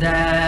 that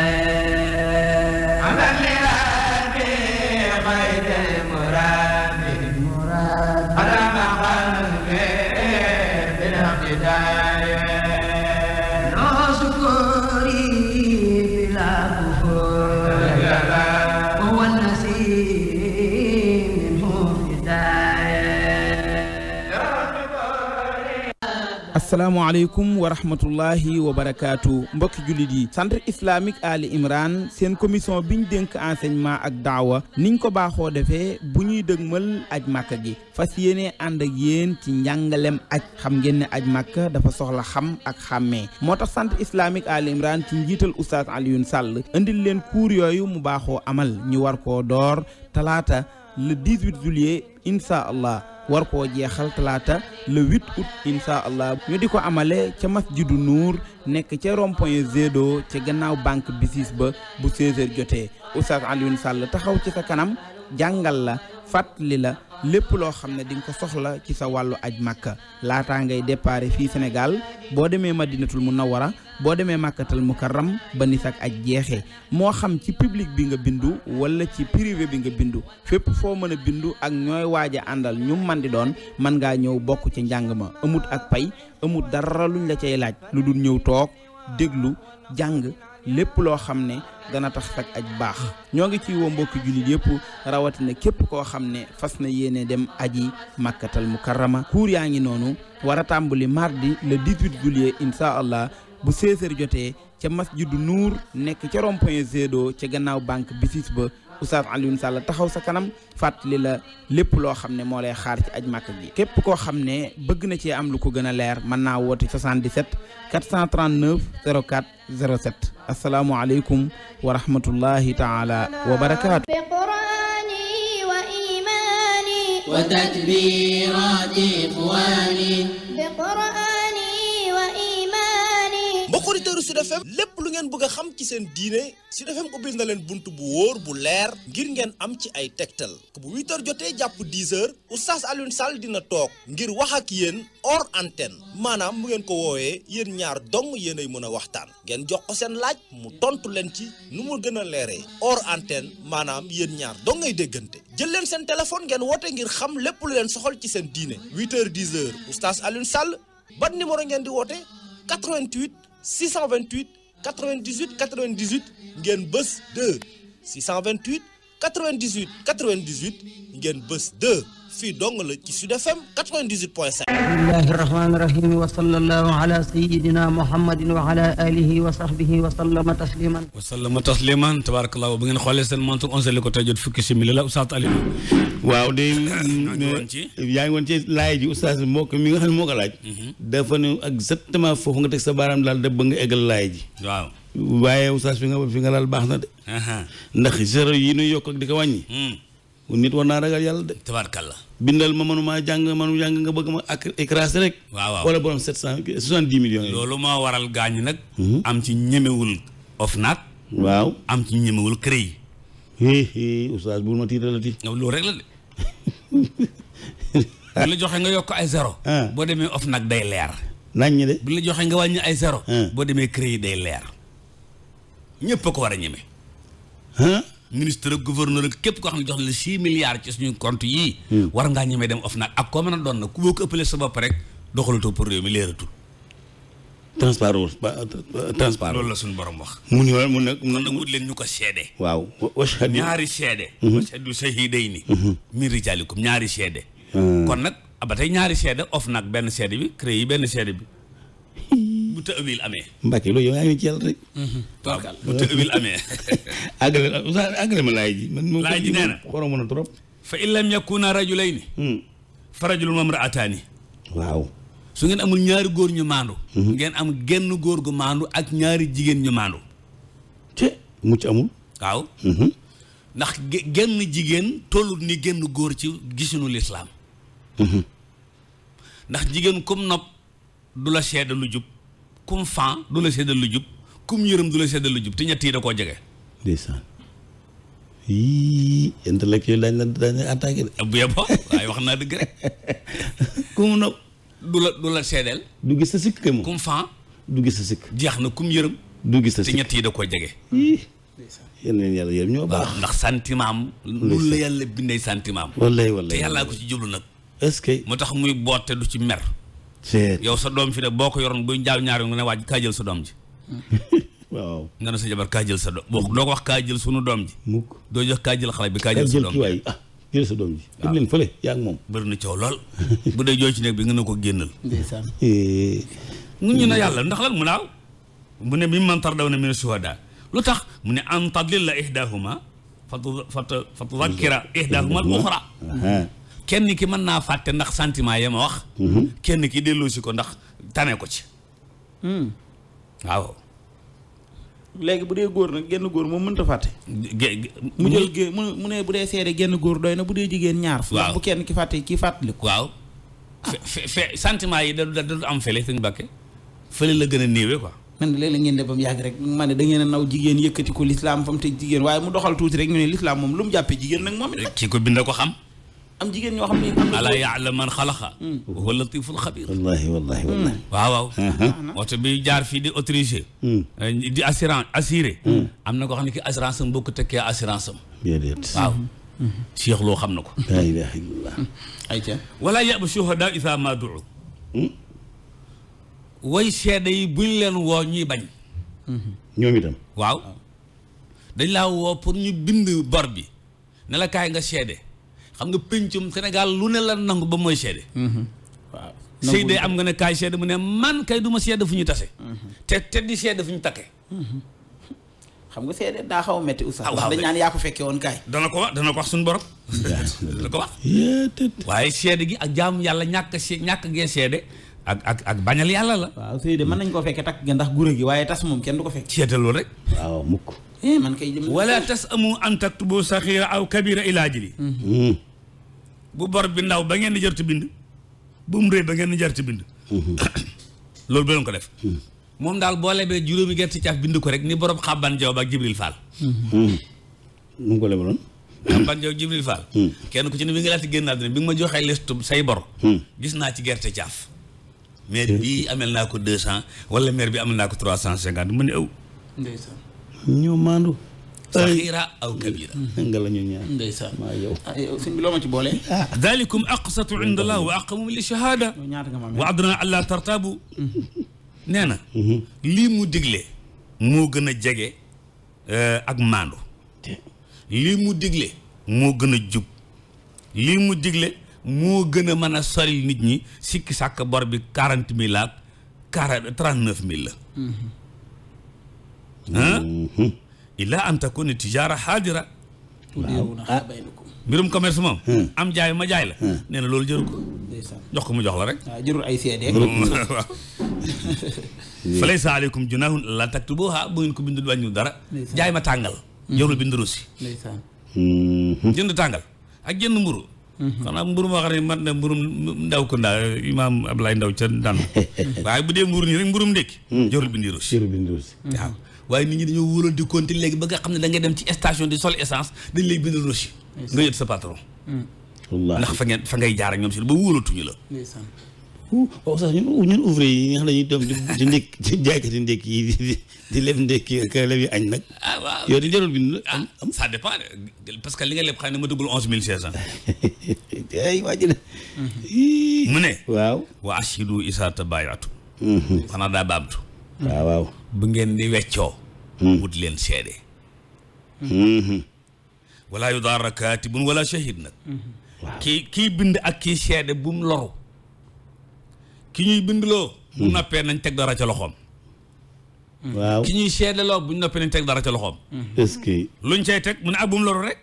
asalaamaaleykum wa rahmatullahi wa barakaatu mbokki jullit yi centre islamique ali imran seen commission ñu dénk ensegnement ak daawa niñ ko baaxoo defee bu ñuy dëgmal aj màkk gi fas yéene ànd ak yéen ci njàngalem aj xam ngeen ne aj makk dafa soxla xam ak xàmmee moo tax centre islamique ali imran ci njiital oustaz Alioune Sall indil leen cours yooyu mu baaxoo amal ñu war koo door talaata le 18 juillet incha allah war ko jeexal talaata le 8 août incha allah ñu di ko amale ca ji du Nuur nekk ca rond point Zedo ca gannaaw banque BICIS ba bu 16h jotee Oustaz Alioune Sall taxaw ci sa kanam jàngal la lii la lépp loo xam ne dinga nga ko soxla ci sa wàllu aj màkka laataa ngay déparé fii Sénégal boo demee madinatul munawara boo demee màkkatal mukarram ba ni sak aj jeexee moo xam ci public bi nga bindu wala ci privé bi nga bindu fépp foo mën a bindu ak ñooy waaj a àndal ñu man di doon mën ngaa ñëw bokk ci njàng ma amut ak pay amut dara luñ la cay laaj lu dul ñëw toog déglu jàng lépp loo xam ne dana tax aj baax ñoo ngi ciy woo mbokki jullit yëpp rawatina képp koo xam ne fas na yéene dem aji màkkatal mukarrama kuur yaa ngi noonu war a tàmbali mardi le 18 juillet incha allah bu 16h jotee ca mas du nuur nekk ca rond-point ca gannaaw banque BICIS ba Oustaz Alioune Sall taxaw sa kanam fàttali la lépp loo xam ne moo lay xaar ci aj màkk gi képp koo xam ne bëgg na cee am lu ko gën a leer mën naa woote 77 439 04 07 asalaamualeykum wa rahmatullahi taala wa barakaatu وتكبيرات إخواني بقرآن kuréelu lépp lu ngeen bëgg a xam ci seen diine Sud FM na leen bunt bu wóor bu leer ngir ngeen am ci ay tegtal bu 8 heures jotee jàpp 10 heures oustaz Alioune Sall dina toog ngir wax ak yéen hors antenne maanaam mu ngeen ko woowee yéen ñaar dong yéenay mën a waxtaan ngeen jox ko seen laaj mu tontu leen ci nu mu gën a leeree hors antenne maanaam yéen ñaar dong ngay déggante jël leen seen téléphone ngeen woote ngir xam lépp lu leen soxal ci seen diine 8 heures 10 heures oustaz Alioune Sall ban numéro 628 98 98 ngeen bës 2 628 98 98 ngeen bës 2 bismillahi rahmani rahim wa sallallahu ala sayidina muhammadin la Oustaz Aliou waaw de yaa moo ko mi nga xam ne moo ko laaj mhm. dafa exactement foofu nga teg sa baaraam daal da bëgg nga eggal laay ji waaw waaye Oustaz fi nga fi nga laal baax na de ndax zéro yi nu yokk ak di ko wàññi hmm. nit war naa ragal yàlla de. tabaarkalla bindal ma manuma jàng manu jàng nga bëgg ma ak écrasé rek. waaw waaw wala borom sept cent soixante dix millions yi. loolu moo waral gaañu nag. Mhm. am ci ñemewul OFNAC. waaw am ci ñemewul CREI. hee oustaz bul ma tiitalati. loolu rek la de. bu la joxe nga yokk ay zéro. Ah. boo demee OFNAC day leer. naññ de. bu la joxe nga wàññi ay sero ah. boo demee CREI day leer. ñëpp a ko war a ñeme. Ah. ministre ak gouverneur képp koo xam ne jox na la six milliards ci suñu compte yii hmm. war ngaa ñemee dem of naag ak koo mën a doon nag ku boo ko ëppalee sa bopp rek doxalatoo pour réew mi leeratul transparence transparence loolu la suñu borom wax mu ñu mu ne kon nag wut leen ñu ko seede waaw ñaari seede hmm. washadu shahidayni hmm. min rijaalikum ñaari seede kon nag ba tey ñaari seede of naag benn seede bi CREI yi benn seede bi bu tawil amee. Mbacke loolu mhm. amee. àggale ma laay ji. laay ji nee na xoromu na trop. fa in lam yakuna rajulayni. Hmm. fa rajulun wa imra'atani. waaw. su ngeen amul ñaari góor ñu maandu. Mhm. ngeen am genn góor gu maandu ak ñaari jigéen ñu maandu. te mucc amul. waaw. Mhm. ndax genn jigéen tollut ni genn góor ci gisunu lislaam ndax jigéen comme nopp du la seede lu jub comme fan du la seddal lu jub comme yërëm du la seddal lu jub te ñetti yi da koo jege. ndeysaan yii intellectuel dañ la wax naa dëgg rek. kum na. du la du la seddal. du gis sa sikk moom kum fan. du gis sikk. jeex na comme yërëm. du gis sa sikk te ñett yi da koo jege. yéen leen yàlla yërëm ñoo baax. ndax sentiment am. lu la yàlla bindee sentiment am. wallaay wallaay te yàllaa ko ci jublu nag. est-ce que. moo tax muy boote du ci mer. yow sa doom fi de boo ko yoroon buy jaaw ñaar nga ne waaj kaajal sa doom ji nga ne sa jabar kaa sa doom boo doo ko wax kaa jël sunu doom ji mukk doo jox kaajal jël xale bi kaa jël sa doom ji ah jël sa doom ji dem leen ak moom bëri na coow lool bu dee jooy ci néeg bi nga ne ko génnal ndeysaan ne yàlla ndax la mu naaw mu ne mi man tar daw na min lu tax mu ne an tadlilla ihdahuma fa fa tudakkira ihdahuma al uxra kenn ki mën naa fàtte ndax sentiment ya ma wax. Mhm. kenn ki delloosi ko ndax tane ko ci. Hmm. waaw. léegi bu dee góor nag genn góor moom mënut a fàtte. mu jël gé mu ne bu dee genn góor doy na bu dee jigéen ñaar. waaw bu kenn ki fàtte kii fàttali ko. waaw ah. fe fe sentiment yi da du am fële sëñ Bakke fële la gën a néewee quoi. man léeg-léeg ngeen def yàgg rek ma ne da a naw jigéen yëkkati ko lislaam fa mu teg jigéen waaye mu doxal tuuti rek ñu ne lislaam moom lu mu jàppee jigéen nag moom. kii ko bind ko xam. am jigéen ñoo xam ne. ala yaala man xalaqa. Hmm. huwa latiful xabir. Hmm. waaw waaw. Hmm. Ah, ah. oto bi jaar fii di autorisé. Eh, di assurance assuré. am na koo xam ne ki assurance am bokkut ak kii assurance am. déedéet waaw. Cheikh loo xam na ko. laa ilaaha illallaah. ayca. wala yaba shuhadaa isaa maa duu. way seede yi buñ leen woo ñuy bañ. ñoom itam. waaw dañ laa woo pour ñu bind bor bi ne la kaay nga seede. xam nga pencum Sénégal lu ne la nangu ba mooy seede. Mhm. waaw seede am nga ne kaay seede mu ne man kay du ma seede fu ñu tase. Mhm. te te di seede fu ñu takke. Mhm. xam nga seede daa xaw a métti oustaz. ah waaw dañ naan yaa ko fekkee woon kaay. dana ko wax dana wax suñu borom. dana ko wax. waaye seede gi ak jaamu yàlla ñàkk se ñàkk gee seede. ak ak ak bañal yàlla la. waaw seede mën nañ koo fekkee takk nga ndax gure gi waaye tas moom kenn du ko fekk. seede loolu rek. waaw mukk. eh man kay. wala tas amu an taktubu saxiira aw kabira ilaa jili mm. bu bor bi ndaw ba ngeen di jar te bind bu mu rëy ba ngeen di jar te bind loolu ba leen ko def hmm. moom daal boo lebee juróomi gerte caaf bind ko rek ni borom xàmban jaw ba ak jibril fall mu hmm. hmm. ko lebaloon xàbban jaw jibril fall kenn ku ci ne bi nga laati génn àddina bi nga ma joxee listu say bor gis naa ci gerte caaf maire bi amel naa ko deux cent wala maire bi amel naa ko trois cent cinquante mu ne aw ndeysaan saxiira aw kabira nga ah, loo ci boole ah. dalikum aqsatu inda allah wa aqamu li shahada wa adna allah tartabu mm-hmm. nee mm-hmm. lii mu digle moo gën a jege euh, ak maandu lii mu digle moo gën a jub lii mu digle moo gën a mën a sori nit ñi sikki sàkk bor bi quarante mille ak quarante trente illa an takuna tijaara xaadira mbirum commerce moom hmm. am jaay ma jaay la hmm. nee na loolu jëru ko jox ko mu jox la rek ah, jërul ay seede waaw fa laysa aleykum junahun la taktubuha bu ngeen ko bindul wàññu dara jaay ma tàngal hmm. jërul bind russi mm-hmm. jënd tàngal ak jënd mburu mm-hmm. xanaa mburu moo xam ne man na mburum ndaw ko ndaa imaam Ablaye Ndaw ca daan waaye bu dee mburu nii rek mburum ndékki jërul bindi russi jërul bindi russi waaw waaye nit ñi dañoo wóorante compte léegi ba nga xam ne dangay ngay dem ci station di sol essence dañ lay bind rosi nga yët sa patron mm. wallaahi ndax fa ngeen fa ngay jaar ak ñoom si ba wóoratuñu la waaw sax ñun ñun ouvrier yi nga xam ne dañuy dem di ndékk di jaaykati ndékk añ nag. ah waaw yow dañu jarul bind. ah parce que li nga leb xam ne ma duggul onze mille seize cent. ay waa ji ne. Mm-hmm. mu ne. waaw. wa ashidu isaata bayaatu. Mm-hmm. xanaa daa baamtu. waaw waaw. bu ngeen di weccoo. Hmm. wut leen seede hmm. Hmm. wala yu daara kaatibun wala shahid nag kii kii bind ak kii seede bu mu loru ki ñuy bindloo bu noppee nañ teg dara loxoom waaw ki ñuy seedeloo bu ñu noppee nañ teg dara ca loxoom luñ cay teg mu ne ak ah, bu mu loru rek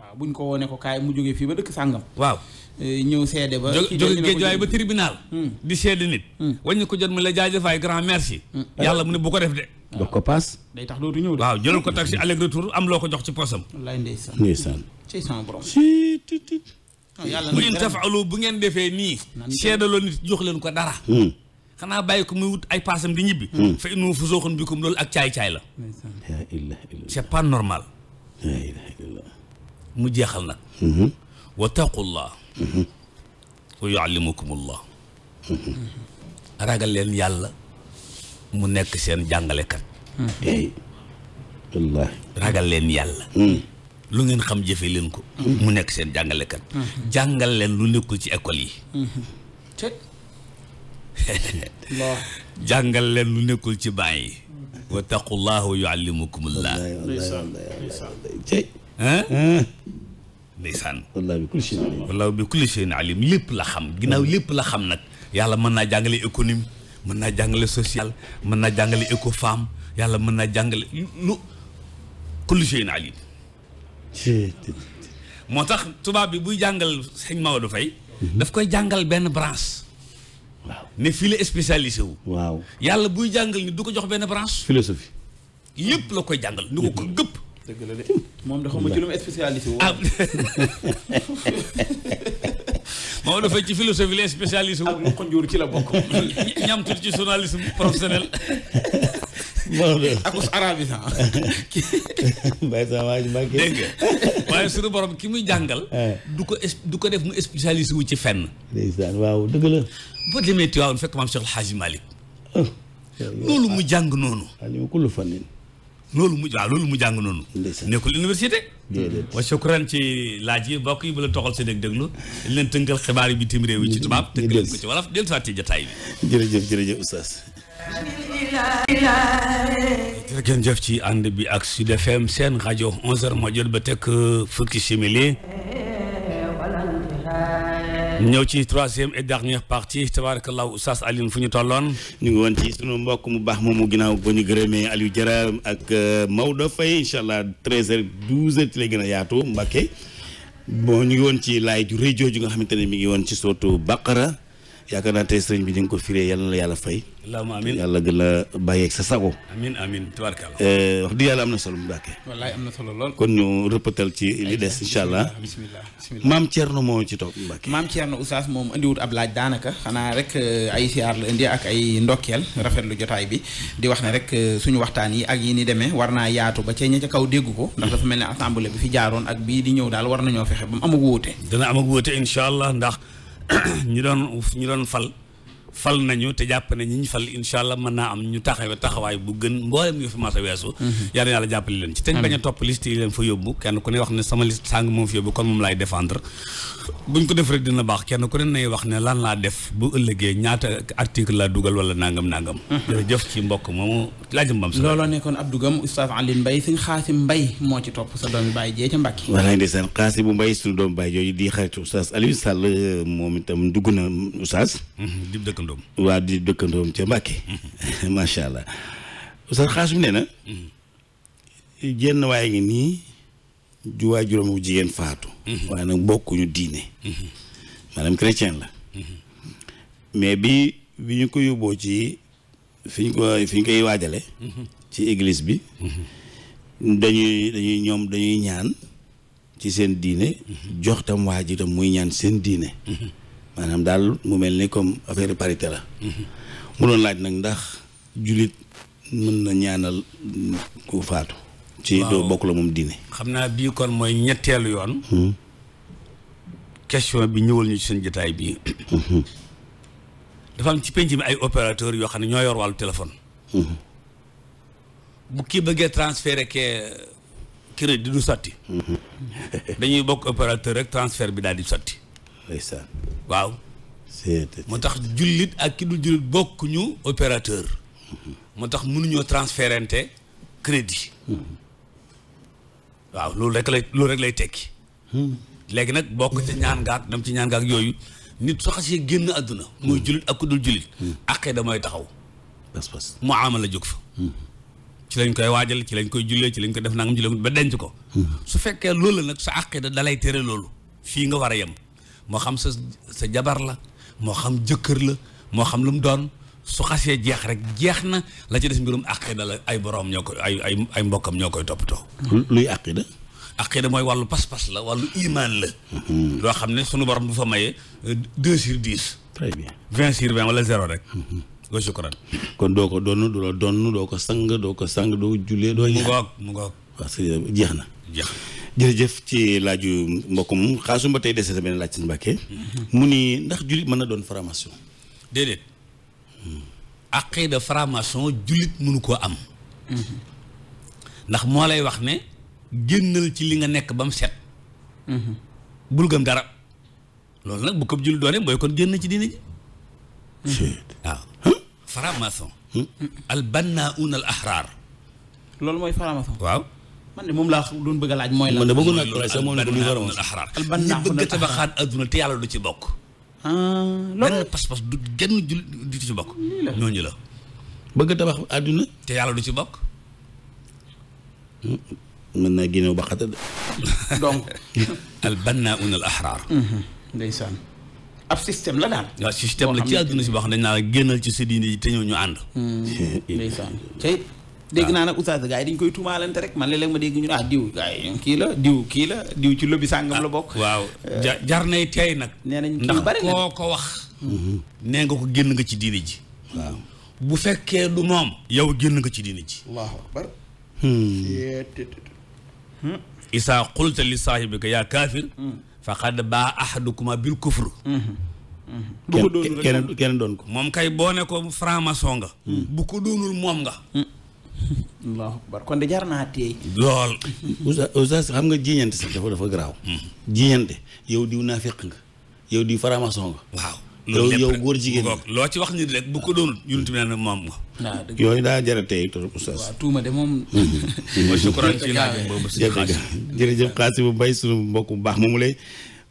waaw buñ ko wone ko kaay mu jógee fii ba dëkk sàngam waaw eh, ñëw seede ba jóge géej ba tribinal di seede nit wañ ko jot mu la jaajëfaay grand merci yàlla mu ne bu ko def de jox ah. ko paas. day tax dootu ñëw de. waaw jëlal ko taxi aller retour am loo ko jox ci poosam. wallaay ndeysaan ndeysaan. ci sama borom. si ti ti. Ah, bu ngeen defee nii. seedaloo nit jox leen ko dara. Hmm. xanaa bàyyi ko muy wut ay paasam di ñibbi. Hmm. fa innu fusuuqun bikum loolu ak caay-caay la. la ilaha illallah pas normal. la ilaha illallah. mu jeexal nag. Hmm. wa taqullah. wa yuallimukumullah. ragal leen yàlla. mu nekk seen jàngalekat. Eh. wallaahi ragal leen yàlla. Hmm. lu ngeen xam jëfe leen ko. Hmm. mu nekk seen jàngalekat. Hmm. leen lu nekkul ci école yi. jàngal leen lu nekkul ci baa yi. wa taqullahu yuallimukumullah. ndeysaan. wallaahi bi kulli shay'in bi kulli shay'in alim lépp la xam. ginnaaw lépp la xam nag. yàlla mën naa jàngale économie. mën naa jàngale social mën naa jàngale éco femme yàlla mën naa jàngale lu kullu shay'in alim moo tax tubaab bi buy jàngal sëñ Maodo fay mhm. daf koy jàngal benn branche waaw ne fii la spécialisé wu waaw yàlla buy jàngal ni du ko jox benn branche philosophie lépp la koy jàngal ni ko ko gëpp moom da mu spécialisé wu ah. Maodo Faye ci philosophie la spécialiste wu. mu ko njuur ci la bokk. ñam tuuti ci journalisme professionnel. Maodo ak us arabisan. Mbaye Sama waa ji Mbacke. borom ki muy jàngal. Eh. du ko du ko def mu spécialiste wu ci fenn. ndeysaan waaw dëgg la. boo demee ci fekk maam Cheikh El oh. mu jàng noonu. Aliou kullu loolu mu waaw loolu mu jàng noonu nekkul université wa shukran ci laaj yi bokk yi bu la toxal seen ak déglu li leen tënkal xibaar yi bitim réew yi ci tubaab tënk leen ko ci wolof dellu saat ci jataay bi jërëjëf jërëjëf oustaz jërëgeen jëf ci ànd bi ak Sud FM seen rajo 11h moo jot ba teg fukki simili ñëw ci troisième et dernière partie tabarakallahu oustaz Alioune fu ñu tolloon ñu ngi woon ci sunu mbokk mu baax mu ginnaaw ba ñu gërëmee Aliou Diarra ak euh, Maodo Faye incha allah treize heures douze heures ci lay gën a yaatu Mbacké bon ñu ngi woon ci laay ju rëy ju nga xamante ne mi ngi woon ci sootu Baqara yaakaar naa tey sëriñ bi di nga eh, am na solo mu bàkkee. am na solo lool. kon ñu ci li incha allah. bisimilah bisimilah maam Thierno moo ci toog Mbacke. maam Thierno Oustaz moom indiwut ab laaj daanaka xanaa rek eh, ay siyaar la indi ak ay ndokkeel rafetlu jotaay bi di wax ne rek eh, suñu waxtaan yi ak yi ni demee war naa yaatu ba ca ña ca kaw déggu ko. ndax dafa mel ne assemblée bi fi jaaroon ak bii di ñëw daal war nañoo fexe ba mu amag wóote. dana amag wóote incha allah ndax ñi doon ñi doon fal fal nañu te jàpp ne ñi ñu fal incha allah mën naa am ñu taxawe taxawaay bu gën mboolem yu fi mas weesu mhm. yal yàlla jàppale leen ci teñ bañ a topp liste yi leen fa yóbbu kenn ku ne wax ne sama liste sàng moom fi yóbbu kon moom laay défendre ko def rek dina baax kenn ku ne nay wax ne lan laa def bu ëllëgee ñaata article laa dugal wala nangam nangam mhm. jërëjëf ci mbokk moomu laajëm bam sa looloo nekkoon ab dugam Oustaz Alioune Mbaye sëñ Xaasim Mbaye moo ci topp sa doomi Baye jee ca Mbàkke wala ndeysaan Xaasim bu Mbaye suñu doomu Baye jooju di xaritu Oustaz Alioune Sall moom itam dugg na Oustaz mhm. dëkkandoom. waa di dëkkandoom ca Mbàkke. Mm-hmm. macha allah Oustaz Xaasim nee na. Mm-hmm. jenn waaye ngi nii. ju waa juróom bu jigéen faatu. Mm-hmm. waaye nag bokkuñu diine. maanaam chrétien la. mais bi bi ñu ko yóbboo ci fi ñu ko fi ñu koy waajale ci église bi. dañuy dañuy ñoom dañuy ñaan ci seen diine. jox tam waa ji muy ñaan seen diine. maanaam daal mu mel ni comme affaire parité la. mu laaj nag ndax jullit mën na ñaanal ku faatu. ci doo bokk la moom diine. xam naa bii kon mooy ñetteelu yoon. Hmm. question bi ñëwal ñu seen jotaay bii. Hmm. dafa am ci penc mi ay opérateur yoo xam ne ñoo yor wàllu téléphone. Hmm. bu kii bëggee transféré kee crédit du sotti. dañuy bokk opérateur rek transfert bi daal di sotti. ndeysaan waaw moo tax jullit ak ki dul jullit bokk ñu opérateur moo tax mënuñoo transférente crédit waaw loolu rek lay loolu rek lay tekki léegi nag bokk ca ñaan ngaak dem ci ñaan ngaak yooyu nit soo xasee génn àdduna muy jullit ak ku dul jullit aqee mooy taxaw pas-pas mu amal la jóg fa ci lañ koy waajal ci lañ koy jullee ci lañ koy def nangam ci lañ ba denc ko hmm. su fekkee loolu la nag sa aqida dalay tere loolu fii nga war a yem moo xam sa sa jabar la moo xam jëkkër la moo xam lu mu doon su xasee jeex rek jeex na la ci des mbirum aqida la ay boroom ñoo koy ay ay mbokkam ñoo koy toppatoo. luy aqida aqida mooy wàllu pas-pas la wàllu imaan la. Mm-hmm. loo xam ne sunu borom bu fa mayee euh, deux sur dix. très bien vingt sur vingt wala zéro rek. Mm-hmm. wa shukran kon doo ko donn doo donn doo ko sang doo ko sang doo jullee doo. mu ngoog mu ngoog. parce que jeex na jeex na. jërëjëf ci laaju mbokkum xaasum ba tey dese sa benn laaj sëñ jullit mën na doon franc-maçon déedéet aqida mënu koo am ndax moo lay wax ne génnal ci li nga nekk ba mu set bul gëm dara loolu nag bu ko jullit doone mooy kon génn ci dina ji waaw franc-maçon al al ahraar loolu mooy franc waaw man de moom laa doon bëgg a laaj mooy la. man de bëggoon naa ko sax moom la ko luy waroon albane naa ko bëgg a tabaxaat adduna te yàlla du ci bokk. Ah, loolu benn pas-pas du genn jul du ci bokk. ñooñu la. bëgg a tabax adduna. te yàlla du ci bokk. Hmm, mën naa génnew ba xata de. donc. albannaa un al ahraar. Mhm. ndeysaan. ab système la daal. waaw système la ci adduna si boo xam ne dañ naa la génnal ci sa diine yi te ñoo ñu ànd. Hmm. ndeysaan tey. dégg naa nag oustaz gars yi dañ koy tuumaalante rek man léeg-léeg ma dégg ñu ne ah diw gars yi kii la diw kii la diw ci lobby sàngam ah, la bokk waaw euh, jar nay tey nag nee nañ ndax koo ko wax mhm. nga ko génn nga ci diini ji bu fekkee du moom yow génn nga ci diini ji allahu akbar hmm. hmm. isaa qulta li saahibika yaa kaafir hmm. faqad baa ahadukuma bil kufr ko doonul kenn doon ko moom kay boo bu ko doonul moom nga allahu akbar kon de jar naa téye. lool. oustaz xam nga jiñante sax dafa dafa hmm. jiñante yow diw naa fekk nga yow diw faramason nga. waaw loolu yow góor jigéen loo ci wax nit rek bu ko doonul ñun tamit naan maam nga. waaw yooyu daa jara a téye trop oustaz. waaw tuuma de moom. Hmm. mooy sukkuraan xaasi. jërëjëf xaasi bu bay sunu mbokk bu baax moomu lay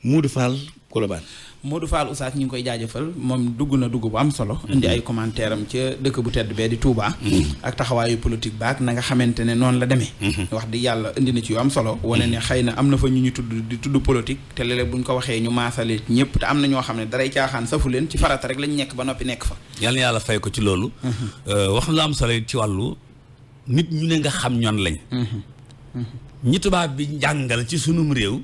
Moodu Fall Colobane. Modou Fall Oustaz ñu ngi koy jaajëfal moom dugg na dugg bu am solo mhm. indi ay commentaire am ca dëkk bu tedd bee di Touba mhm. ak taxawaayu politique baak na nga xamante ne noonu la demee mhm. wax di yàlla indi na ci yu am solo wane ne xëy na am na fa ñu tudd di tudd politique te léeg-léeg bu ñu ko waxee ñu maasale ñëpp te am na ñoo xam ne daray caaxaan safu leen ci farata rek lañ nekk ba noppi nekk fa yàlla yàlla fay ko ci loolu euh, wax lu am solo ci wàllu nit ñu ne nga xam ñoon lañ ñi tubaab bi njàngal ci sunum réew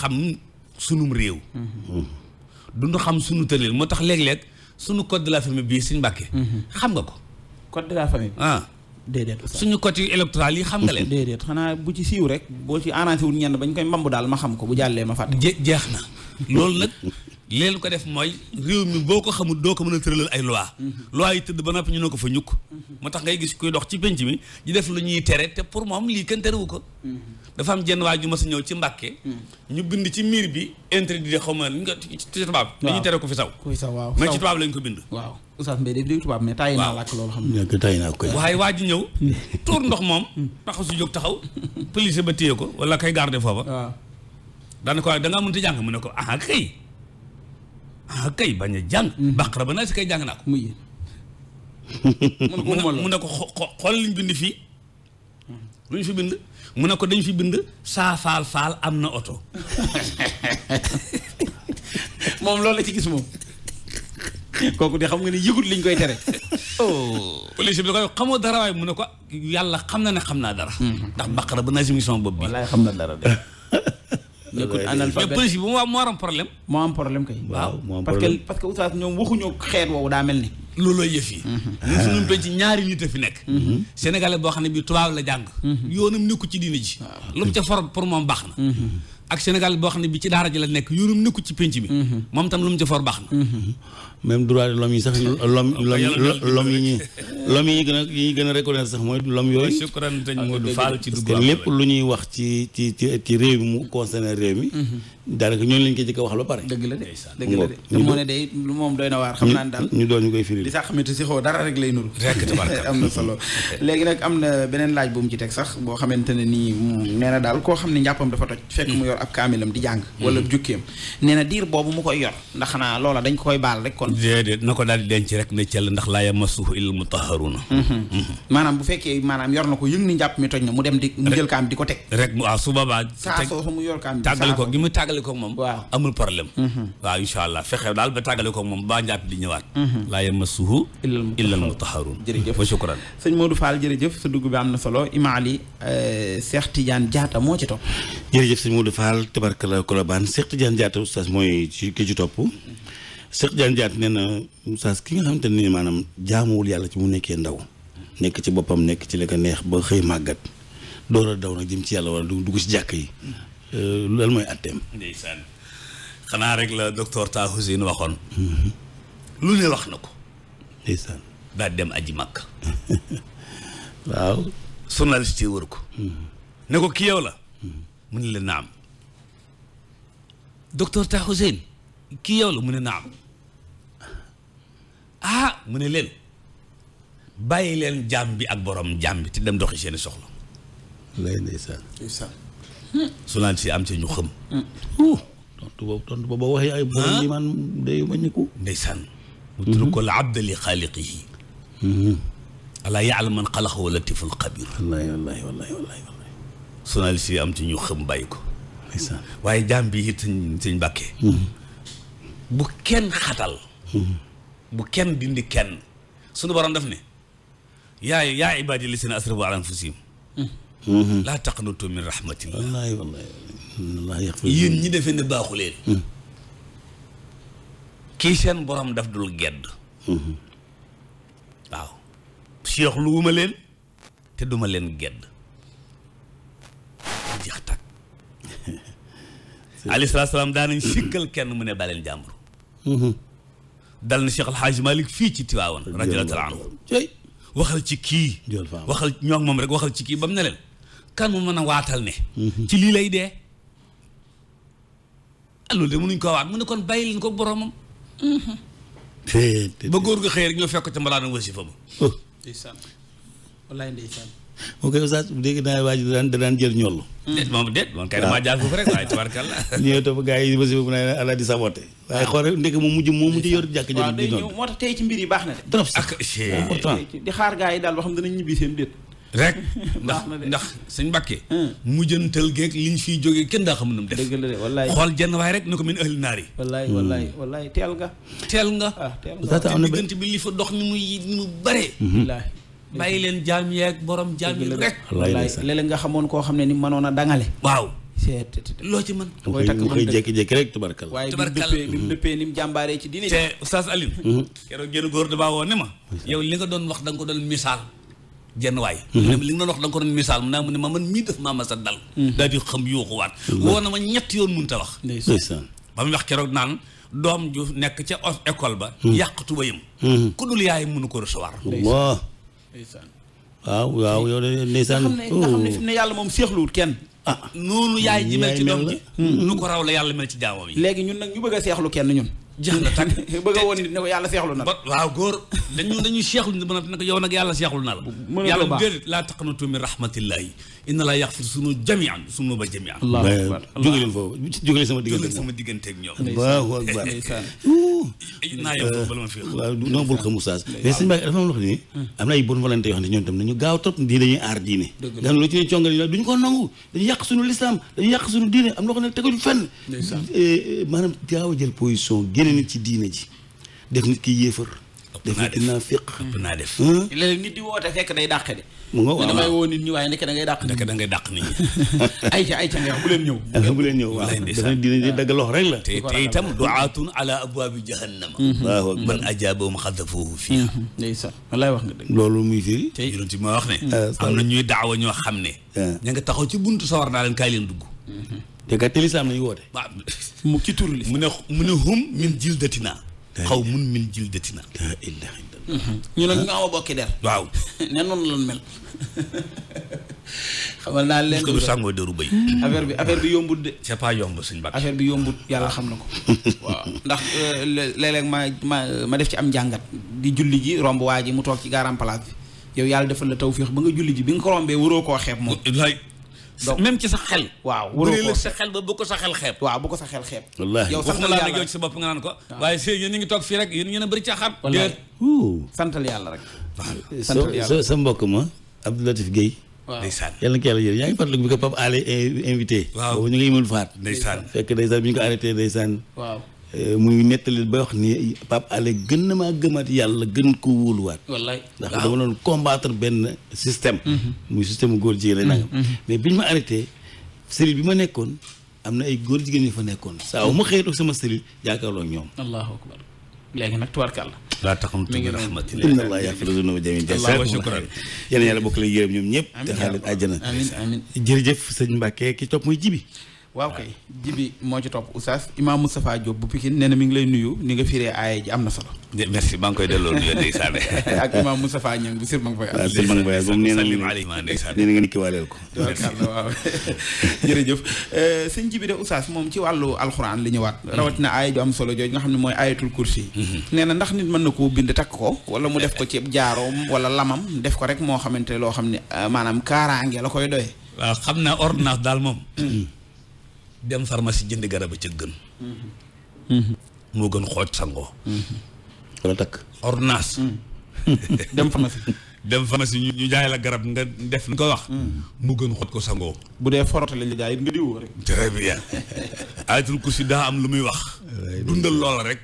xam sunum réew du mm-hmm. duñu xam sunu tëleel moo tax léeg-léeg sunu code de la famille bii suñ mbàkke mm-hmm. xam nga ko code de la famille ah déedéet suñu code yu électoral lii xam nga leen xanaa bu ci siiw rek boo ci arrangé wul ñenn bañ koy mbambu daal ma xam ko bu jàllee ma fàtte jeex na loolu nag leen ko def mooy réew mi boo ko xamul doo ko mën a tëralal ay loi mm-hmm. loi yi tëdd ba noppi ñu ne ko fa ñukk moo tax ngay gis kuy dox ci penc mi di def lu ñuy tere te pour moom lii kenn terewu ko dafa am jenn waa ju mas a ñëw ci Mbàkke hmm. ñu bind ci miir bi interdit de xaw ma li ñu ko ci tubaab li tere ko fi saw ko fi saw waaw ci tubaab lañ ko bind waaw Oustaz Mbaye dégg tubaab mais tàyyi naa làkk loolu xam nga tàyyi waaye waa ji ñëw tuur ndox moom taxaw si jóg taxaw police ba téye ko wala kay garde foofa waaw daana ko waaye da ngaa mënta jàng mu ne ko ah kay ah kay bañ a jàng hmm. baqara ba naa si kay jàng naa ko muy mu ne ko xool liñ bind fii hmm. lu fi bind mu ne ko dañ fi bind saa faal faal am na oto moom lool la ci gis moom kooku de xam nga ne yëgut liñ koy tere oh bi da koy xamoo dara waaye mu ne ko yàlla xam na ne xam naa dara mm-hmm. ndax baqara ba naa si mi sama bopp bi wallaay xam na dara de nekkul analphabète mais police bi mu moo am problème. moo am problème kay. waaw parce que parce que oustaz ñoom waxuñoo xeet woowu daa mel ni. loolooy yëf yi. Mhm. ñun suñu ah. penc ñaari nit a fi nekk. Mhm. sénégalais boo xam ne bii tubaab la jàng. Mhm. yoonam nekku ci diina ji. Ah. lu mu ca for pour moom baax na. ak sénégalais boo xam ne bii ci daara ji la nekk yoonam nekku ci penc bi. moom tam lu mu ca for baax na. même droit de l'homme yi sax l'homme l'homme yi ñuy l'homme yi gën a yi gën a reconnaître sax mooy l'homme yooyu ah, parce que lépp lu ñuy wax ci ci ci ci réew mi mu concerné réew mi mhm. daanaka ñooñu lañ ko jëkk a wax la de dëgg la de te moo ne day lu moom doy na waar xam naa ne ñu doon ñu koy firi di sax xamante si xoo dara rek lay nuru am na solo léegi nag am na beneen laaj bu mu ci teg sax boo xamante ne nii nee na daal koo xam ne njàppam dafa toj fekk mu mm. yor ab kaamilam di jàng mm. wala jukkeem nee na diir boobu mu koy yor ndax xanaa loola dañ ko koy baal rek kon déedéet na ko daal di denc rek ne cell ndax laa yamassuhu illal mutahharuna mhm. Mhm. maanaam bu fekkee maanaam yor na ko yëg ni njàpp mi toj na mu dem di mu jël kaam di ko teg rek waaw ah, su boobaa saa soo su mu yor kaam mhm. baa njàpp di ñëwaat laa yamassuhu illal mutahharun jërëjëf wa shukran sëñ Modou Fall jërëjëf sa dugg euh, moo ci topp Cheikh Diagne Diagne nee na Moussa ki nga xamante ne maanaam jaamuwul yàlla ci mu nekkee ndaw nekk ci boppam nekk ci la neex ba xëy màggat door a daw nag jëm ci yàlla wala du dugg ci jàkk yi euh, loolu mooy atteem. rek la docteur Tahoussine waxoon. Mhm. lu ne wax na ko. ndeysaan dem aji màkk. waaw. journaliste yi wër ko. Mhm. ne ko kii yow la. Mhm. mu ne la naam. docteur Tahoussine kii yow la mu ne naam. ah mu ne leen bàyyi leen jaam bi ak borom jaam bi te dem doxi seeni soxla lay ndeysaan ndeysaan su naan si am ci ñu xëm mm. tontu boobu tontu boobu waxee ay borom liman ah. day wàññiku ndeysaan mm-hmm. utruku al abda li xaaliqihi mm-hmm. alaa ya'lamu man xalaqa wa latiful xabir wallaahi wallaahi wallaahi wallaahi su naan si am ci ñu xëm bàyyi ko ndeysaan waaye jaam bi it sëñ mm-hmm. bu kenn xatal bu kenn dindi kenn sunu borom daf ne yaa yaa ibaadi lisina asrafu ala anfusihim mm-hmm. laa taqnatu min rahmatillah wallaahi wallaahi yéen ñi defee ne mm-hmm. kii seen borom daf dul gedd mm-hmm. waaw cheikh lu wuma leen te duma leen gedd jeex tag alayhi salaam daanañ sikkal kenn mu ne baleen jàmbur dal na Cheikh Alhaaj malik fii ci Tiwaawan radiyallaahu taala anhu waxal ci kii waxal ñoo moom rek waxal ci kii ba mu ne kan mu mën a waatal ne mhm. ci lii lay dee ah, loolu de mënuñ koo waat mu ne kon bàyyi leen ko boromam mhm. ba góor gi xëy ñoo fekk ca mbalaanam wasifa ma oh. ndeysaan wallaay ndeysaan moo koy oustaz dégg naa waa ji daan daan jël ñoll. déet moom déet moom kay damaa jaar foofu rek waaye tubaarkalla. ñëw topp gars yi ba si mu ne ala di saboté. waaye ah. xool ndek moom mujj moom mujj yor jàkk jël di noonu moo tax tey ci mbir yi baax na de. trop sax important di xaar gars yi daal boo xam danañ ñibbi seen déet. rek ndax ndax suñ mbàkkee ah. mujjantal geeg liñ fiy jógee kenn daa xam nu mu def dëgg la de wallaay xool jenn waay rek ne ko min ahli naar yi wallaay wallaay hmm. wallaay teel nga teel nga ah, teel nga diggante bi li fa dox ni muy bàyyi leen jaam yeeg borom jaam yi rek. wallaay léeg nga xamoon koo xam ne ni mënoon a dangale. waaw. loo ci mën. mooy takk mën koy jékki-jékki rek tubarkal. waaye bi mu dëppee bi mu ni mu jàmbaaree ci diine. te Oustaz Alioune. Mhm. keroog génn góor da baa woo ma. yow li nga doon wax danga ko doon misaal. jenn waay. Mhm. li nga doon wax da ko doon misaal mu naa mu ne ma man mii def maa ma sa dal. Mhm. daal di xam yuuxuwaat. woo na ma ñetti yoon mënut a wax. ndeysaan ba mu wax keroog naan. doom ju nekk ca école ba. yàq tubayam. ku dul yaay ko recevoir. waaw waaw yow de ndeysaan. nga xam ne fi mu ne oh. yàlla moom seexluwul kenn. ah noonu yaay ji mel ci doom ji hmm. nu ko raw la yàlla mel ci jaamam yi. léegi ñun nag ñu bëgg a seexlu kenn ñun. jeex na tàkk bëgg a woon ne ko yàlla seexlu na la. waaw góor dañu dañuy seexlu ne ko yow nag yàlla seexlu na la. mën la ko baax yàlla laa taqnatu inna laa yàq suñu sunu jamian sunu ba jamian allahu akbar jóge leen foofu jóge leen sama diggante sama diggante ak ñoom allahu akbar naa yem foofu bala ma fi waaw non bul xam oustaz mais sëñ Mbacké dafa am loo xam ne am na ay bonne volonté yoo xam ne ñoom tam nañu gaaw trop di dañuy aar diine nga xam ne lu ci ne congal yi duñu ko nangu dañu yàq sunu lislaam dañu yàq sunu diine am loo xam ne teguñu fenn eh, eh, maanaam gaaw a jël position génne nit ci diine ji def nit ki yéefar def nit ki naafiq naa def hmm? léeg-léeg nit di woote fekk day dàqe de mu nga waaw damay woo nit ñi waaye nekk da ngay dàq nekk da ngay dàq nit ñi ayca ayca nga bu leen ñëw bu leen ñëw waaw dafa dina di dagg loxo rek la te te itam du'aatun ala abwaabi jahannama waaw man ajaabahum xadafuhu fiiha mm-hmm. wax nga dëgg loolu muy firi te yonent bi ma wax ne ah, am na ñuy daawa ñoo xam ne ah. ña nga taxaw ci buntu sawar naa leen kaay leen dugg mm-hmm. te kat lislaam nañu woote waaw mu ci tur li mu ne mu ne hum min naa xaw mun min jildati na la ilaha mhm. ñu nag ñu bokki der waaw ne noonu lan mel xamal naa leen bu sàngoo deru béy affaire bi affaire bi yombut de c'est pas yomb suñ bàkk affaire bi yombut yàlla xam na ko waaw ndax euh, léeg-léeg ma ma ma def ci am njàngat di julli ji romb waa ji mu toog ci garan place bi yow yàlla defal la tawféex ba nga julli ji bi nga ko rombee waroo koo xeeb moom donc même ci sa xel. waaw wëroo ko sa xel ba bu ko sa xel xeeb. waaw bu ko sa xel xeeb. wallaahi yow sax la yow ci sa bopp naan ko. waaye si yéen ñu ngi toog fii rek yéen ñu yàlla rek. Eh, santal yàlla sa mbokk ma Abdou Latif Guèye. waaw ndeysaan yàlla na ko yaa ngi fàttaliku bi ko Pape Alé invité. waaw boobu ñu ngi yimul faat. ndeysaan fekk ndeysaan bi ñu ko arrêté ndeysaan. waaw Euh, muy nettali ba wax ni Pape Alé gën na maa gëmaat yàlla gën ko wóoluwaat. wallaay ndax dama doon combattre benn système. Mhm. muy système góor jigéen la nangam. Mhm, mhm. mais biñ ma arrêté série bi ma nekkoon am na ay góor jigéen yu fa nekkoon saa ma xëy sama série jàkkaarloo ñoom. allahu akbar léegi nag tubarkalla. laa taqnatu min rahmatillah inna allah yaghfiru zunuba jamii'an allah wa shukran yéen yàlla bokk la yërëm ñoom ñëpp. amiin te xaaral àjjana. amiin amiin jërëjëf sëñ ki topp muy jibi waaw kay jibi moo ci topp Oustaz Imam Moustapha Diop bu Pikine nee na mi ngi lay nuyu ni nga firee aaye ji am na solo. merci maa ngi koy delloo nuyu a ak Imam Moustapha Niang bu Sirmang Boy. waaw Sirmang Boy moom nee na nee na ngeen ki waaleel ko. waaw jërëjëf euh, moom ci wàllu alxuraan li ñëwaat. Mm-hmm. rawatina aaye ju am solo jooju nga xam ne mooy aayatul kursi. Mm-hmm. nee na ndax nit mën na koo bind takk ko wala mu def ko ci jaaroom wala lamam def ko rek moo xamante loo xam ne euh, maanaam kaaraange la koy doye. waaw xam naa ordonnance daal moom mm-hmm. dem pharmacie jënd garab a ca gën. Mm-hmm. moo gën xooj sangoo. Mm-hmm. wala takk ordonnance. Mm-hmm. dem pharmacie. dem pharmacie ñu jaay la garab nga def nga wax. mu gën xooj ko sangoo. bu dee forote lañ la jaay it nga diw rek. daa am lu muy wax. dundal loola rek.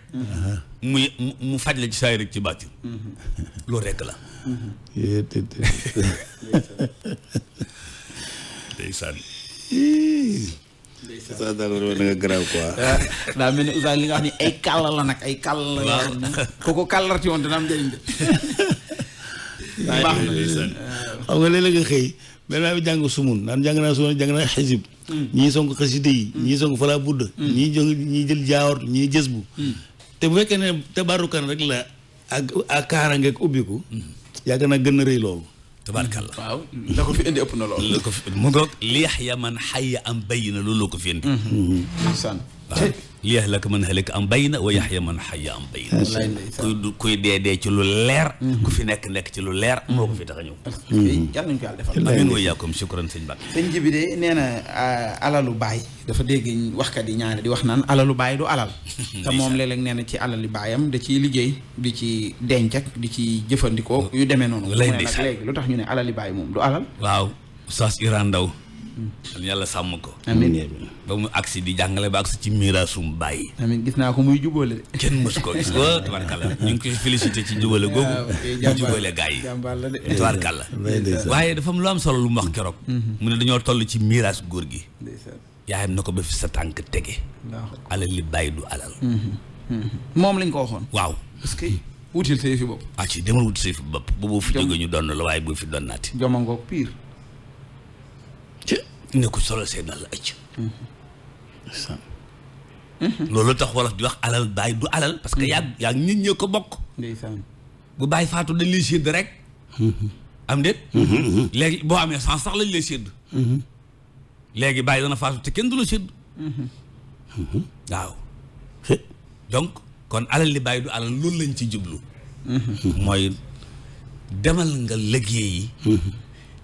muy mu faj la ci saay rek ci bàtti. loolu rek la. sa dal war na nga garaaw quoi. Ah. Ah, daa mel ni Oustaz li nga wax ni ay kàlla la nag ay kàlla la yoo xam ne kooku kàllar ci woon dana am njëriñ de. baax ah. xam nga léeg xëy benn bi jàng sumun naan jàng naa sumun jàng naa xisib hmm. ñii sonk xaside yi hmm. ñii sonk fala budd hmm. ñii jël ñii jël jaawar ñii jës te bu fekkee ne tabarukan rek la ak ak kaara ngeeg ubbiku yàgg naa gën a rëy loolu tabaarkalla waaw la ko fi indi ëpp na lool. la ko fi mu ngoog li yaxya man xayya am bayna loolu la ko fi indi. Mm-hmm. sant. li yahlaka man halaka am bayna wa yaxya man xayya am bayna kuy kuy dee dee ci lu leer mhm. ku fi nekk nekk ci lu leer moo ko fi tax a ñëw mhm. yàlla nañu ko yàlla defal nee na ah, alalu baay dafa dégg waxkat yi ñaare di wax naan alalu baay du alal te moom léeg-léeg nee na ci alali baayam da ciy liggéey di ci denc di ci jëfandikoo yu demee noonu mu ne nag lu tax ñu ne alali baay moom du alal waaw saas Iran Ndaw yal yàlla sàmm ko. amiin ba mu agsi di jàngale ba agsi ci miiraasum bàyyi. amiin gis naa ko muy jubóole. kenn mësu ko gis nga tubaarkàlla ñu ngi koy félicité ci jubóole googu. mu jubóole a yi jàmbaar la de. tubaarkàlla waaye dafa am lu am solo lu mu wax keroog. Mhm. mu ne dañoo toll ci miiraas góor gi. yaayam na ko ba fi sa tànk tege. alal li bàyyi du alal. Mhm. Mhm. moom lañ ko waxoon. waaw est-ce que wutil sa yëfi bopp. ah ci demal wutil sa yëfi bopp. boobu fi jóge ñu doon la waaye boo fi doon naati. jomangoog pire. ne ko solo see la acc loolu tax wolof di wax alal baay du alal parce que yaa mhm. yaa nit ñi ko bokk bu bàyyi faatu dañ lay sédd rek mhm. am déet mhm. léegi boo amee san sax lañ lay sédd léegi bàyyi dana faatu te kenn du la sédd waaw donc kon alal li bàyyi du alal loolu lañ ci jublu mooy demal nga liggéey yi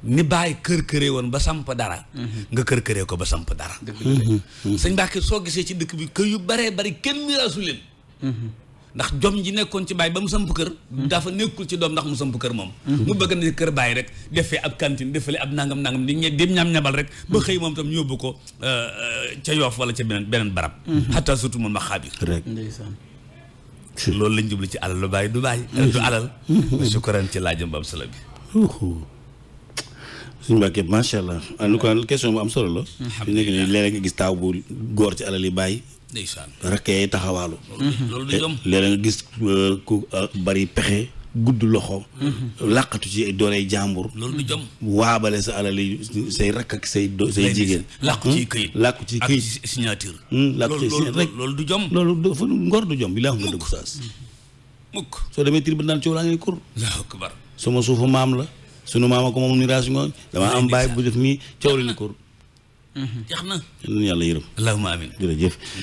ni bàyyi kër këree woon ba samp dara mhm. nga kër këree ko ba samp dara mhm. Mhm. sëñ Mbàkke soo gisee ci dëkk bi kër yu baree bari kenn miraasu leen ndax jom ji nekkoon ci baay ba mu samp kër dafa nekkul ci doom ndax mu samp kër moom mu bëgg na kër baay rek defee ab cantine defale ab nangam nangam di ñe dem ñam ñabal rek ba xëy moom tam yóbbu ko euh, euh, ca yoof wala ca beneen beneen barab xataa surtout mun ma xaabir loolu lañ jublu ci alal lu bàyyi du bàyyi du alal sukkuran ci laajam mbam sala bi suñu Mbàkke macha allah en tout cas question bu am solo la. fi nekk nii léeg-léeg nga gis taaw bu góor ci alal yi bàyyi. ndeysaan rakkee taxawaalu. loolu du yomb eh, léeg-léeg nga gis euh, ku euh, bari pexe. gudd loxo. Mhm. làqatu ci dooley jàmbur. loolu du jom waabale sa alal yi say rakk ak say do say jigéen. ci hmm? këyit làqu ci këyit hmm, loolu du jom. loolu ngor du jom bi laa nga dëgg saas. soo demee tribunal coow laa ngay kur. Allahu akbar sama suufu maam la. sunu maam ako moom miraas mi dama am bàyyi bu def mi coow li kur. Mhm. jeex na. yal na yàlla yërëm. allahumma amiin a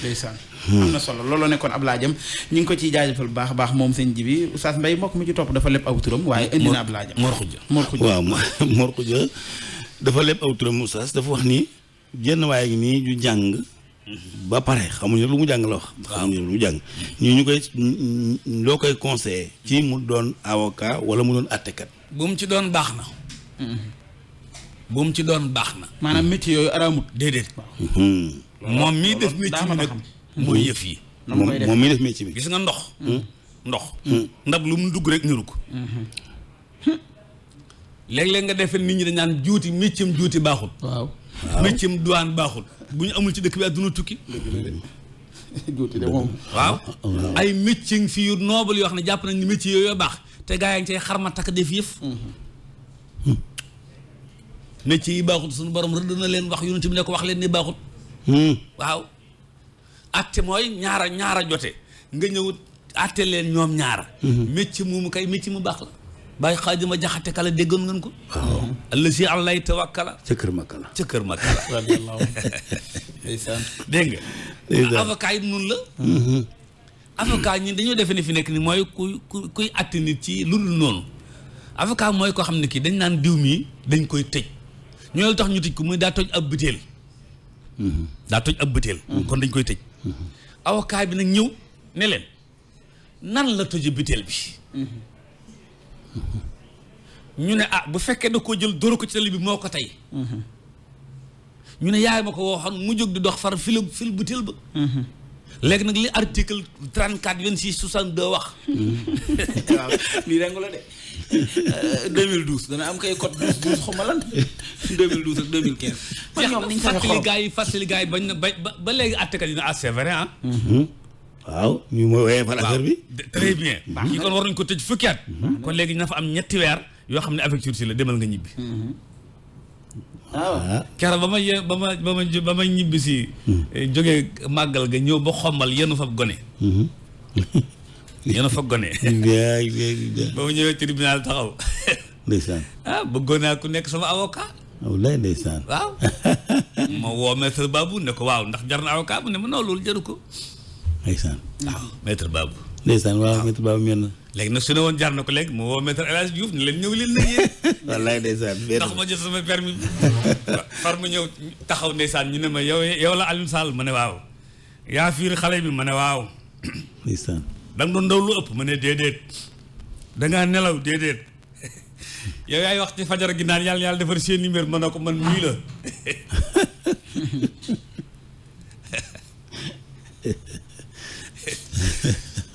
ndeysaan. Hmm. am na solo looloo nekkoon ab laajam ñu ngi ko ciy jaajëfal bu baax a baax moom seen ji bi mbay Mbaye mbokk mi ci topp dafa lépp aw turam waaye indi na ab laajam. Mor Khoudia Mor Khoudia waaw Mor Khoudia dafa lépp aw turam Oustaz dafa wax ni jenn waaye ñu nii ju jàng ba pare xamuñu lu mu jàng la wax. xamuñu lu mu jàng ñu ñu koy loo koy conseillé. ci mu doon avocat wala mu doon attekat. bu ci doon baax na. bu mu ci doon baax na. maanaam métier yooyu araamut déedéet. moom mii def métier bi nag mooy yëf yi. moom mii def métier bi. gis nga ndox. Hmm. ndox. Hmm. ndab lu mu dugg rek ñëru ko. Hmm. léeg-léeg nga defee nit ñi dañ naan juuti métier am juuti baaxul. waaw. mu duwaan baaxul bu ñu amul ci dëkk bi àdduna tukki waaw ay métier ngi fi yu noobal yoo xam ne jàpp nañ ni métier yooyu baax te gaa yaa ngi xar ma takk def yëf métier yi baaxut suñu borom rëdd na leen wax yonent bi ne ko wax leen ni baaxut hmm. waaw atte mooy ñaara ñaara jote nga ñëwut atte leen ñoom ñaara mu hmm. moomu kay métier mu baax la bàyyi xaadima jaxate kala déggoon ngeen ko. waaw ah. allah si alay tawakkala. ca kër Makala ca kër Makala. dégg nga. avocat yi noonu la. Mm-hmm. avocat ñi dañoo defe ni fi nekk ni mooy ku ku kuy àtte nit ci lu dul noonu. avocat mooy koo xam ne kii dañ naan diw mii dañ koy tëj. ñoo tax ñu tëj ko muy daa toj ab butéel. Mm-hmm. daa toj ab butéel. Mm-hmm. kon dañ koy tëj. avocat bi nag ñëw ne nan la toje butéel bi. ñu ne ah bu fekkee da koo jël dóor ko ci tali bi moo ko tey ñu ne yaay ma ko xam mu jóg di dox far fil fil butéel ba léegi nag li article 34 26 62 wax waaw lii rengu la de 2012 euh, dana am kay code 12 12 xaw ma lan 2012 ak 2015 man ñoom niñ fàttali gars yi fàttali yi bañ na ba ba léegi attekat yi na ah c'est vrai ah mm-hmm. waaw ñu mooy woyefal affaire bi. très bien. kii mhm. kon war nañu ko tëj fukki at. Mhm. kon léegi dina fa am ñetti weer yoo xam ne affecture si la demal nga ñibbi. waaw mhm. ah. ah. ba ma ye ba ma ba ma ba ma ñibbi si. Eh, jógee ga ñëw ba xombal yenu fa gone. yenu fa gone. ñëwee tribunal taxaw. ndeysaan. ah bëggoon naa ku nekk sama avocat. walaay ndeysaan. waaw. ma woo maître Babou ne ko waaw ndax jar na avocat mu ne ma non loolu jaru ko. ndeysaan waaw ah, maître Babou ndeysaan waaw ah. maître Babou mel na léegi nag su ne woon jaar na ko léegi mu woo maître El ni leen ñëw leen na yéen wallaay ndeysaan ndax ma jot sama permis far ma ñëw taxaw ndeysaan ñu ne ma yow yow la Alioune Sall ma ne waaw yaa fiir xale bi ma ne waaw ndeysaan da doon ndaw lu ëpp ma ne déedéet da ngaa nelaw déedéet yow yaay wax ci fajar gi naan yàlla yàlla defar seen numéro ma ne ko man mii la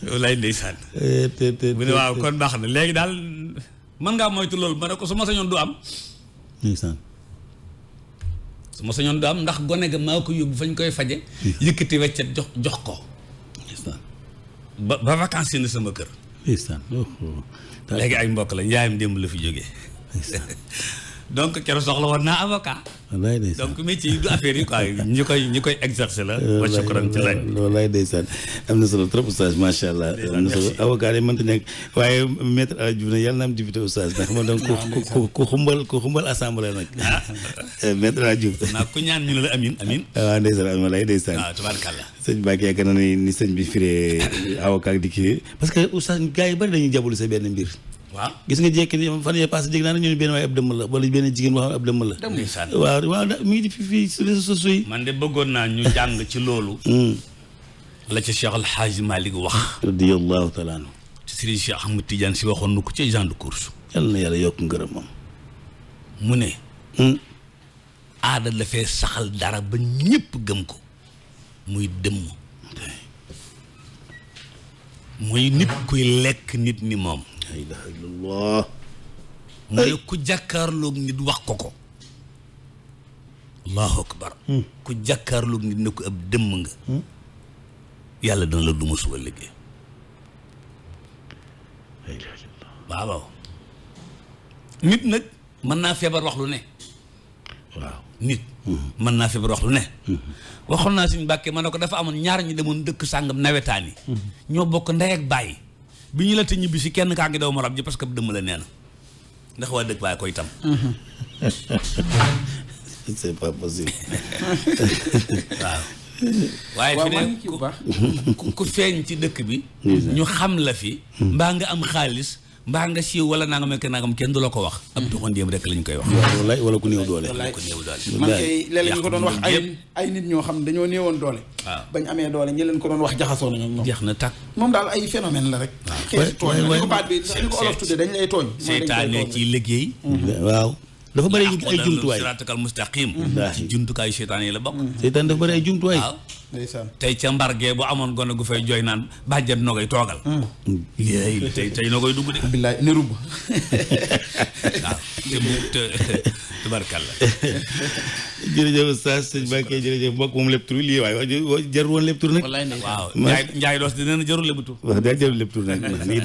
walaay ndeysaan mu ne waaw kon baax na léegi daal mën ngaa moytu loolu ma ne ko su ma sañoon du am ndeysaan su sañoon du am ndax gone ga maa ko yóbbu fañ koy faje yëkkati weccet jox jox ko ba ba vacances yi sama kër ndeysaan léegi ay mbokk la njaayam démb la fi jóge donc keroog soxla woon naa avocat. wallaay ndeysaan donc yi du ñi koy ñi koy exercer la. wa shukran ci laaj am na solo trop oustaz macha allah. am na solo avocat yi mënta nekk waaye maître El Hadj Diouf nag yàlla na am député oustaz ndax man donc ku ku xumbal ku xumbal assemblée nag. Ah. Eh, maître El Hadj Diouf. naa ku ñaan ñu ne la amin amin ah, waaw ndeysaan wallaay ndeysaan. waaw ah, tabaarkàlla. sëñ Mbacke yaakaar naa ni ni sëñ bi firee avocat di kii parce que oustaz gars yi bari dañuy jàppale sa benn mbir. waaw gis nga jékki ni fan yee passé dégg naa ne ñooñu benn waaye ab dëmm la wala benn jigéen boo xam ne ab dëmm la waaw waaw mi di fi fii si réseaux man de bëggoon naa ñu jàng ci loolu hmm. la ca Cheikh Alhaaj Malick wax radiallahu taala anhu ci Serigne Cheikh Ahmed Tidiane si waxoon na ko ci genre de course yal na yàlla yokk ngërëm moom mu ne hmm. aada dafee saxal dara ba ñëpp gëm ko muy dëmm muy hmm. nit kuy lekk nit ni moom laa ilaha illallah mu ne ku jàkkaarloog nit wax ko ko allahu akbar hmm. ku jàkkaarloog nit ne ko ab dëmm nga hmm. yàlla dana la duma suba liggéey waaw nag mën naa feebar wax lu ne waaw nit hmm. mën naa feebar wax lu ne waxoon naa suñu mbàkkee ma ne ko dafa amoon ñaar ñi demoon dëkk sàngam nawetaan yi ñoo bokk ndey ak bàyyi bi ñu la te ñibbi si kenn kaa ngi daw morom ji parce que dëmm la nee ndax waa dëkk waaye koy tam. waaw. waaye fi ne ku feeñ ci dëkk bi. ñu xam la fi. Hmm. mbaa ngi am xaalis. mbaa nga siiw wala naa nga mel kenn du la ko wax ab doxandéem mm-hmm. rek lañ koy wax wallaay wala ku néew doole ku néew man kay léeg ko doon wax ay nit ñoo xam dañoo néewoon doole waaw bañ amee doole ñi leen ko doon wax jaxasoo nañu ñoom na tàkk moom daal ay phénomène la rek xeetu tooñ ko baat bi ni ko olof tuddee dañ lay tooñ seytaane ci liggéey mm-hmm. waaw dafa bëri ay jumtuwaay siraatal mustaqim ci jumtukaayu seytaane yi la bokk seytaane ay jumtuwaay tey ca mbargee bu amoon gone gu fay jooy naan bàjjan nogay toogal hmm. léegi tey tey nogay dugg de billaay ne rubb waaw te mu te tubarkalla jërëjëf Oustaz sëñ Mbacke jërëjëf mbokk moom lépp tur lii waaye jarul woon lépp tur nag waaw njaay njaay doos dina na jarul lépp tur wax dëgg jarul lépp tur nag lii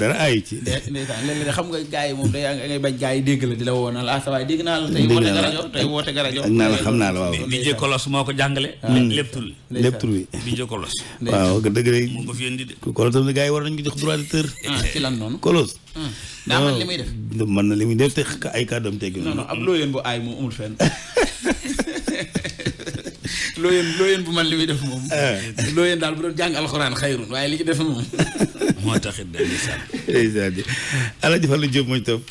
la di la woo na la ah, naa la tey woote garajo tey woote garajo ak naa la xam naa la waaw li moo ko jàngale ah. lépp tur lépp tur bi. bii kolos. waaw dëgg la mu ko fi indi de. kolos tamit gars yi war nañu ko jox droit d'auteur. Ah, ci lan noonu kolos. Hmm. daa mën li muy def. mën na li muy def te ay kàddoom teggi. non non ab loo yéen bu aay moom amul fenn. looyeen looyeen bu man li muy def moom. Eh. looyeen daal bu doon jàng alxuraan xayrun waaye li ci def moom. moo taxit daal di sàmm. ndeysaan bi Alhaji Fallou Diop moo ci topp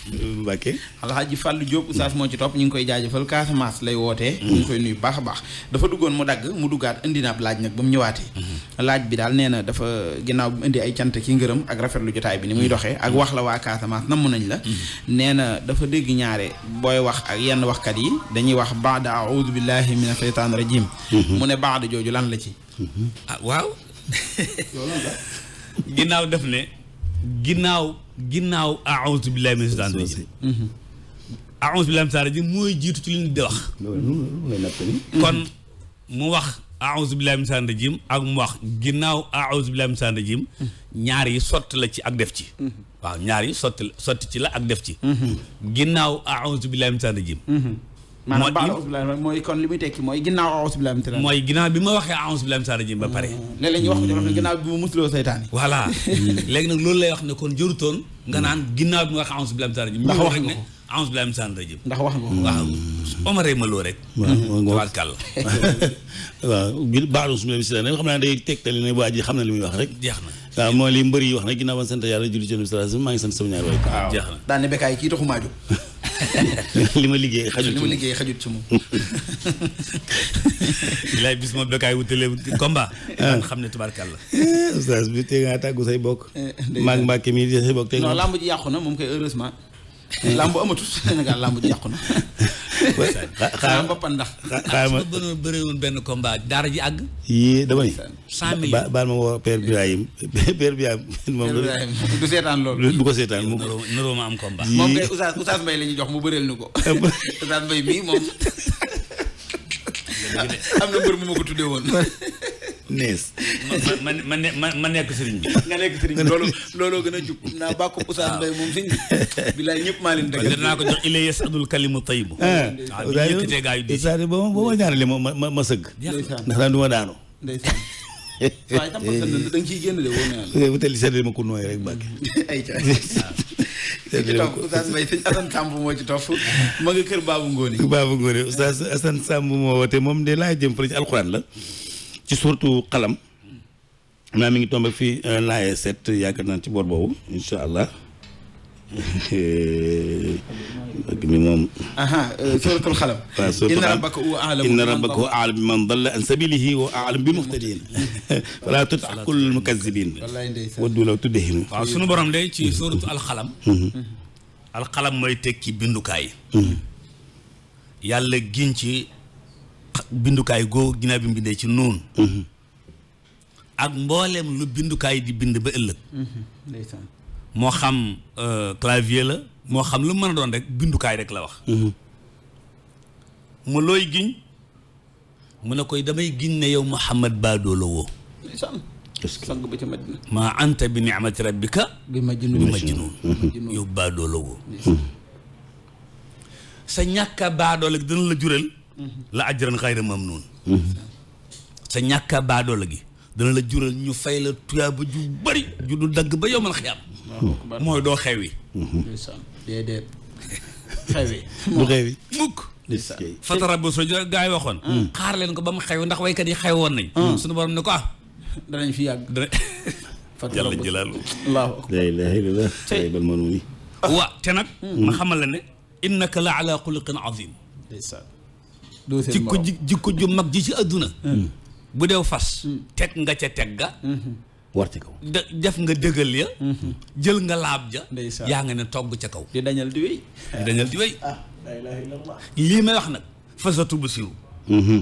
Mbacke. Alhaji Fallou Diop moo ci topp ñu ngi koy jaajëfal Casamance lay wootee. Mm-hmm. ñu ngi koy nuyu baax a baax. dafa duggoon mu dagg mu duggaat indi naab laaj nag ba mu ñëwaatee. Mm-hmm. laaj bi daal nee na dafa bu indi ay cant ki ngërëm ak rafetlu jotaay bi ni muy mm-hmm. doxee ak wax la waa Casamance namm nañ la. nee na dafa dégg ñaare booy wax ak yenn waxkat yi dañuy wax baada audu billahi mina shaytaan rajim mu ne baada jooju lan la ci ah waaw ginnaaw def ne ginnaaw ginnaaw aouzu billahi mina shaytaani rajim mooy jiitu ci li ñu di wax kon mu wax aouzu billahi mina shaytaani ak mu wax ginnaaw aouzu billahi mina shaytaani rajim ñaar yi sotti la ci ak def ci waaw ñaar yi sotti sotti ci la ak def ci ginnaaw aouzu billahi mina maanaam mooy kon li muy tekki mooy ginnaaw a'uuzu billaahi mina mooy ginnaaw bi ma waxee a'uuzu billaahi mina rajim ba pare hmm. léeg-léeg wax ko hmm. loolu lay wax ne kon jërutoon nga naan ginnaaw bi ma waxee a'uuzu billaahi mina rajim ndax wax ne a'uuzu billaahi mina rajim ndax wax nga waaw omare ma loo rek tawakkal waaw baax na xam naa day tegtali ne waa ji xam na li muy wax rek jeex na waaw mooy li mbër wax na ginnaaw ban sant yàlla julli ci nabi sallallahu alayhi maa ngi sant sama ñaar waay jeex na daan ne bekkaay kii li ma liggéey xajut ci moom liggéey xajut ci moom. bilaay bis moom békaay wutale combat. daan ah. xam ne tubaarkàlla. Eh, oustaz bi tey ngaa tàggu say bokk. dëgg eh, la mii di say bokk. tey non làmb ji yàqu na moom kay heureusement. Eh. làmb amatul Sénégal làmb ji yàqu na. xaaral mbapat ndax. xaaral ma bënoon bëri woon benn combat daara ji àgg. yii dama ni. ba baal ma woo Père Birahim Père Birahim. moom du seetaan loolu. du ko seetaan mu naroo ma jox mu bëreel ñu ko. mu ma ko tuddee woon. nees. ma ma ma ma nekk sëriñ bi. nga nekk sëriñ looloo gën a jub. naa bàkku Oustaz Mbaye moom sëñ bi laay ñëpp maa leen dëgg. dinaa ko jox illa yasadul kalimu tayyib. waaw bi ma sëgg. ndax daan du ma daanu. ndeysaan waaye tam da nga ciy génn de eh, ma ko nooy rek Mbacke. ay ca ci topp Oustaz Mbaye sëñ Assane moo ci kër Babou Ngone. Babou Ngone Oustaz moom de laa jëm fële ci alxuraan la ci surtout xalam naa mi ngi tombé fii euh, laaye set yaakaar naa ci boor boobu incha allah ak mi moom euh, suratul xalam inna rabbaka huwa a'lamu inna rabbaka huwa a'lamu biman dalla an sabilihi wa a'lamu bil muhtadin fala tuti' kullal mukazzibin waddu law tudhinu waaw sunu borom day ci suratul alxalam mm-hmm. alxalam mooy tekki bindukaay mm-hmm. yàlla giñ ci bindukaay googu ginnaaw bi mu bindee ci noonu ak mbooleem lu bindukaay di bind ba ëllëg moo xam euh, clavier la moo xam lu mën a doon rek bindukaay rek la wax mu looy giñ mu ne koy damay giñ ne yow Muhammad Baadoo la woo maa anta bi ni'mati rabbika bi majnuun bi majnuun yow Baadoo la woo sa ñàkka baadoo la dana la jural la ajran xayra mamnun mm-hmm. sa ñàkka baadoola gi dana la jural ñu fay la tuyaaba ju bari ju du dagg ba yomal xiyaam mm-hmm. mooy doo xewi mm-hmm. déedéet xewi du xewi mukk fatara yi waxoon mm. xaar leen ko ba mu xew ndax waykat yi xewoon nañ mm. suñu borom ne ko ah danañ fi yàgg dana yàlla jëlaalu allahu akbar la ilaha illallah mm. ma xamal la ne innaka la ala xuluqin azim jikko jikko ju mag ji ci àdduna hmm. bu deew fas hmm. teg nga ca teg ga hmm. warte kaw def nga dëgal ya jël nga laab ja yaa nga ne togg ca kaw di dañal di wéy di dañal di wéy ah, lii may wax nag fasatu bu siru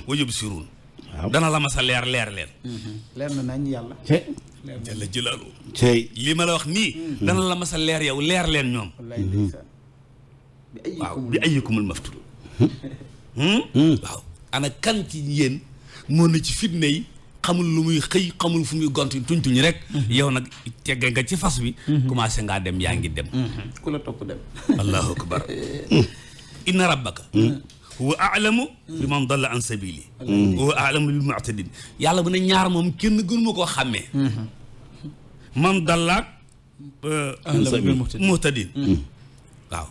wajub siruun dana la ma sa leer leer leen leer na nañ yàlla jalla jëlaalu tey lii ma la wax nii dana la ma sa leer yow leer leen ñoom waaw bi ayyukumul maftul Hmm? Hmm. waaw ana kan ci yéen moo na ci fitna yi xamul lu muy xëy xamul fu muy gont tuñ tuñ rek. Hmm. yow nag tegge nga ci fas wi. commencé ngaa dem yaa ngi dem. ku la topp dem. allahu akbar. inna rabbaka. huwa aalamu bi man dalla an sabili. huwa aalamu bil mu'tadin yàlla bu ne ñaar moom kenn gënu ma koo xàmmee. man dallaak. Euh, an sabili muhtadin waaw.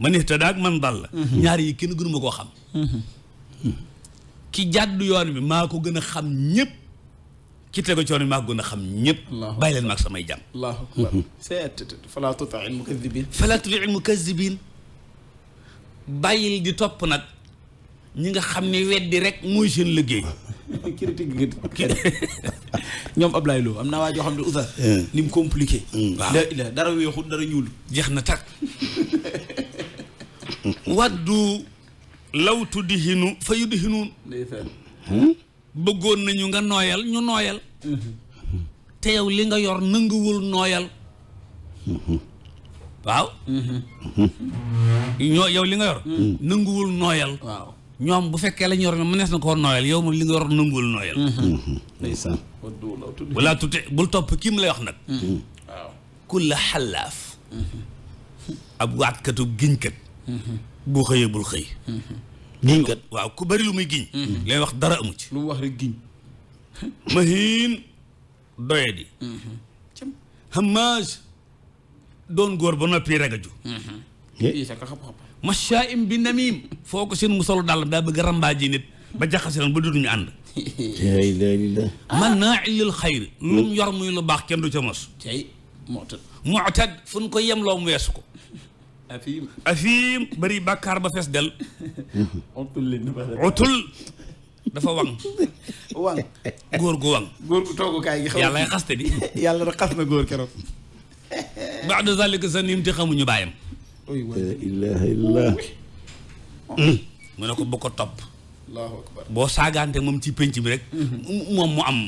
man ihtada ak man dal mhm. ñaar yi kenn gënuma koo xam mhm. hmm. ki jàddu yoon bi maa ko gën a xam ñëpp ki maa a xam ñëpp bàyyi samay jàmm allahu akbar mhm. falaa tuti'il bàyyil di topp nag ñi nga xam ne weddi rek mooy seen liggéey critique gi ñoom Ablaye am naa waa joo xam ne usa hmm. ni mu hmm. dara weexul dara ñuul jeex na tak waddu law tudhinu fa yudhinuun hmm? bëggoon nañu nga nooyal ñu nooyal mhm. te yow li nga yor nënguwul nooyal waaw ñoo yow li nga yor nanguwul nooyal mhm. Mhm. waaw ñoom bu fekkee la ñu yor mënees na koo nooyal yow moom li nga yor nanguwul nooyal ndeysaan wala bul topp kii mu lay wax nag waaw kulla xallaaf ab waatkatub giñkat bu xëyee bul xëyee giñ kat waaw ku bari lu muy giñ. Mm-hmm. lay wax dara amu ci. lu mu wax rek giñ. mahiin doyadi. Mm-hmm. hamaas doon góor ba noppi ragaju. machaa'im mm-hmm. bi namim. foo ko seen musalu dàllam daa bëgg a rambaaji nit ba jaxase lan ba dootuñu ànd. la ilaha illallah. mannaa'i lil xayr. lu mu yor muy lu baax kenn du ca mos. tey mu'tad. mu'tad fu ñu ko yem loo mu weesu ko. afiim afiim bàkkaar ba fees del utul dafa wang wang góor gu wang góor gu toogukaay gi xaw yàlla xaste di yàlla da xas na góor keroog baada zalika sa nimti xamuñu bàyyam mu ne ko bu ko topp allahu akbar boo saagaante moom ci pénc bi rek moom mu am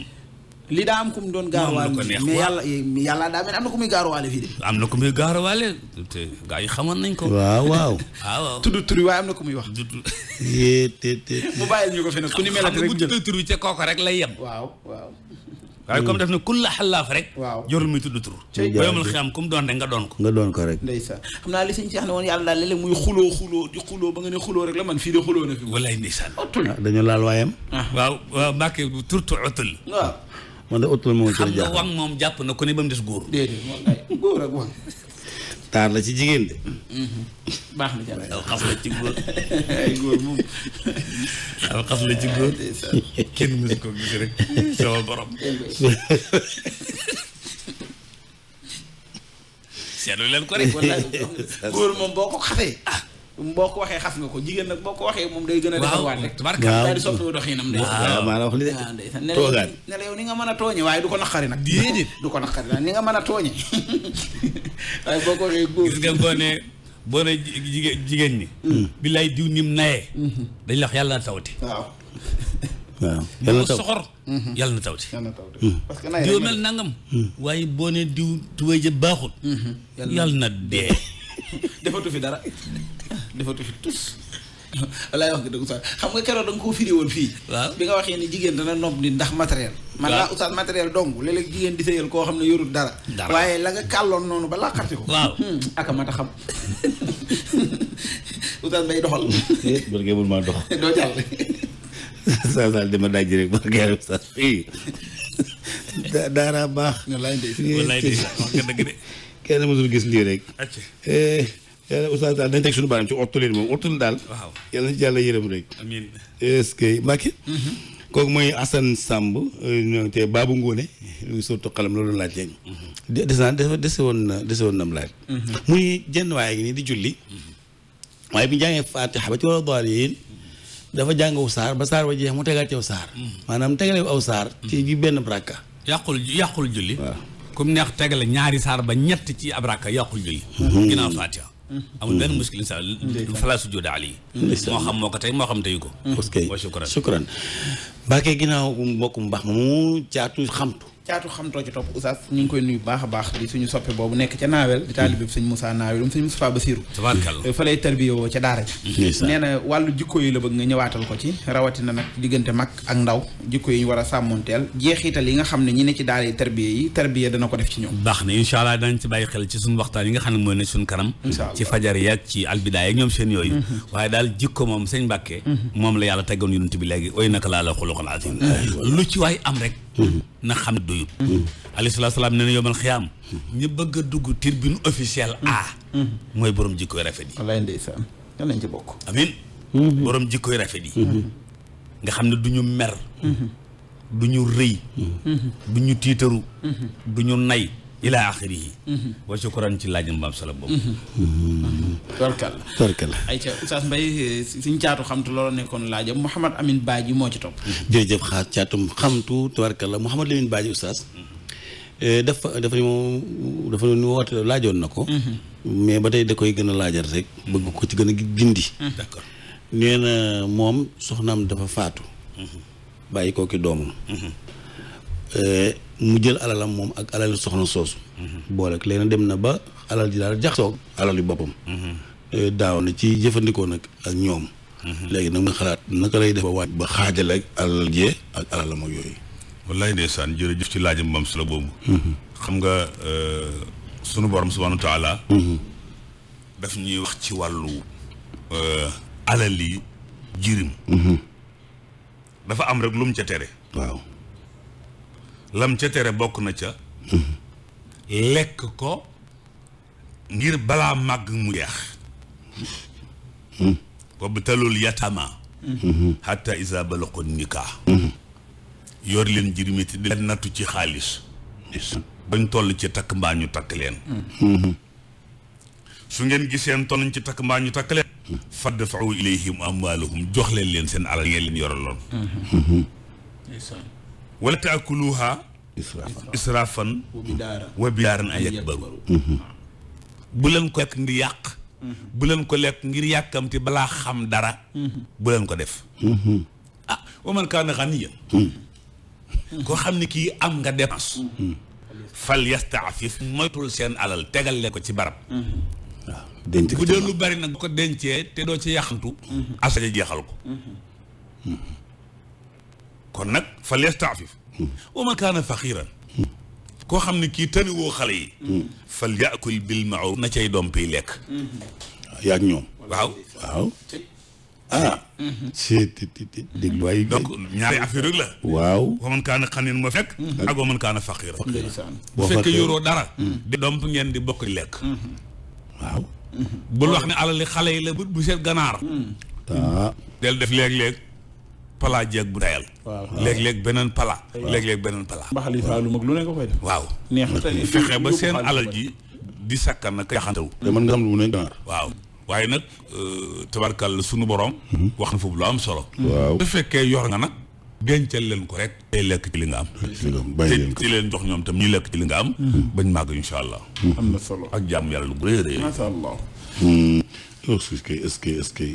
li daa am ku doon gaaruwaale mais yàlla yàlla daa mel am na ku muy fii de. am na ku muy gaaruwaale te gars yi xamoon nañ ko. waaw waaw. Ah, waaw tudd tur waaye am na ku muy wax. yee te te mu bàyyil ko fi nag ku ni mu jël xam nga ca kooku rek lay yem. waaw waaw. waaye comme def na kulla xalaaf rek. waaw jorul muy tudd tur. cay jaajëf ba yomul nga doon ko. nga doon ko rek. ndeysaan xam naa li sëñ Cheikh ne yàlla daal léeg-léeg muy xuloo di xuloo ba nga ne xuloo rek la man fii de xuloo na fi. walaay ndeysaan. otul ah, dañu laal waayam. Ah. waaw waaw Mbacke tur man de utul moo ci jàpp waŋ moom jàpp na ko ni ba mu des góor. góor ak waŋ. taar la ci jigéen de. Mm-hmm. baax na jàpp yow xaf la ci góor ay góor la ko gis rek sama borom. seetlu leen ko rek. góor moom boo ko xafee. Ah. boo ko waxee xas nga ko jigéen nag boo ko waxee moom day gën a defarwaat rek tubarkalla daal di soppi doxinam de waaw ne la a tooñe waaye a tooñe waaye boo ko waxee ne jigéen jigéen ñi hmm. billaay diw nim nayee hmm. dañ la yàlla na tawti waaw taw soxor. Hmm. yàlla parce que diw mel nangam. waaye boo nee diw dee. defatu fi dara. defatu fi tus walaay wax nga dëgg sax xam nga keroog da nga koo woon fii waaw bi nga waxee ni jigéen dana nopp ni ndax matériel man laa oustaz matériel dong di sëyal koo xam ne yorul dara waaye la nga kàlloon noonu ba làqarti hmm, a xam oustaz bay doxal eh, barke bul maa dox doo jàll saa saa rek barke nga kenn mësul gis lii rek yàlla oustaz daal dañ teg suñu baram ci ortul moom ortul daal yàlla na ci yàlla yërëm rek amiin mhm. kooku mooy Assane Samb te Babou Ngone luy surtout xalam loolu laaj léegi mhm. des naa dese na dese mu mhm. muy jenn waaye gi nii di julli waaye bi jàngee Fatiha ba ci wala dool yi dafa jàng aw saar ba saar ba jeex mu tegaat ci aw saar maanaam tegalewu aw saar ci bi benn rakka yàqul yàqul julli waaw comme neex tegale ñaari saar ba ñett ci ab rakka yàqul julli amul benn muskil insa allah falaa sujjóoda ali moo xam moo ko tey moo xam teyu ko parce que shukran Mbacke ginnaaw mbokk mu baax mu jaatu xamtu caatu xamtoo ci topp oustaz ñu ngi koy nuyu baax a baax di suñu soppe boobu nekk ca naawel di taalibe bi sëñ Moussa naawel la nga ñëwaatal ko ci rawatina nag diggante mag ak ndaw jikko yi ñu war a sàmmonteel jeexital yi nga xam ne ñi ne ci daara yi tarbiya yi tarbiya dana ko def ci ñoom baax na incha allah danañ ci bàyyi xel ci suñu waxtaan yi nga xam ne mooy ne suñu kanam ci fajar yi ci albidaay ñoom seen yooyu mm-hmm. waaye daal jikko moom sëñ Mbàkke mm-hmm. moom la yàlla teggoon yonent bi léegi ooy naka laa la xuluqal azim mm-hmm. lu ci waay am rek na xam doyut alayhi salaatu salaam nee na yomal xiyaam ñu bëgg a dugg tribune officielle a mooy borom jikkoy rafet yi wallaay ndeysaan yal rafet nga xam ne du ñu mer du ñu rëy du ñu tiitaru du ñu nay ila axirihi wa shukran ci laaj mbaam sala boobu torkal torkal ay ca Oustaz Mbaye suñ caatu xamtu loolu nekkoon laajam Mouhamad Amin Badji moo ci topp jërëjëf xaar caatum xamtu torkal Mouhamad Amin Badji Oustaz eh, dafa dafa dafa ñu woote laajoon na ko mais ba tey da koy gën a laajal rek bëgg ko ci gën a gindi d'accord nee na moom soxnaam dafa faatu mhm. bàyyi kooki doomam mhm. Euh, mu jël alalam moom ak alal soxna soosu. Mhm. boole ak léegi dem na ba alal ji daal jaxasoo alal yi boppam. Mhm. Euh, daaw na ci jëfandikoo nag ak ñoom. Mhm. léegi nag nga xalaat naka lay def ba waaj ba xaajal ak alal jee ak alalam ak yooyu. wallaay ndeysaan jërëjëf ci laajam mam solo boobu. xam nga euh, sunu borom subhaanahu wa daf ñuy wax ci wàllu. alal yi jirim. dafa am rek lu mu ca tere. waaw. lam ca tere bokk na ca lekk ko ngir balaa màgg mu yeex wabtalul yatama hatta isa balaqu nikaa yor leen jirmiti di leen nattu ci xaalis bañ toll ci takk mbaa ñu takk leen su ngeen giseen toll ci takk mbaa ñu takk leen fadfa'u ilayhim amwaalahum jox leen leen seen alal ngeen leen yoraloon wala taakuluha israfan wa bidaaran an yakbaru mhm. bu leen ko lekk ngir yàq mhm. bu ko lekk ngir yàkkamti balaa xam dara mhm. bu ko def ah wa man kaana ganiyan koo xam ne kii am nga dépense fal yastaafif moytul seen alal tegal leen ko ci barab waaw ah, denc bu dee lu bari nag bu ko dencee te doo ci yaxantu asaja jeexal ko kon nag fa liyastaafif hmm. wa man kaana faqiran hmm. koo xam ne kii tani woo xale yi hmm. fal yaakul bil maaruf na cay doom piy lekk waaw yaag ñoom waaw waaw ah c'est déglu waay donc ñaari affaire rek la waaw wa man kaana xanin moo fekk ak wa man kaana faqiran bu fekkee yoroo dara di domp ngeen di bokk lekk waaw bul wax ne alali xale yi la bu seet ganaar ah. del def léeg-léeg palaa jeeg bu dayal léeg-léeg beneen palaa léeg-léeg beneen palaa mbaxali saalum ak lu ne nga koy def waaw neex ba seen alal ji di sakkan nag yaxantaw mën nga xam lu ne ganaar waaw waaye nag euh, tabarkal sunu borom mhm. wax na foofu lu am solo mhm. waaw bu fekkee yor nga nag dencal leen ko rek tey lekk ci li nga am te leen jox ñoom tam ñu lekk ci li nga am mhm. bañ màgg insha allah am na solo ak jàmm yàlla lu bu rëy rëy masha allah est-ce que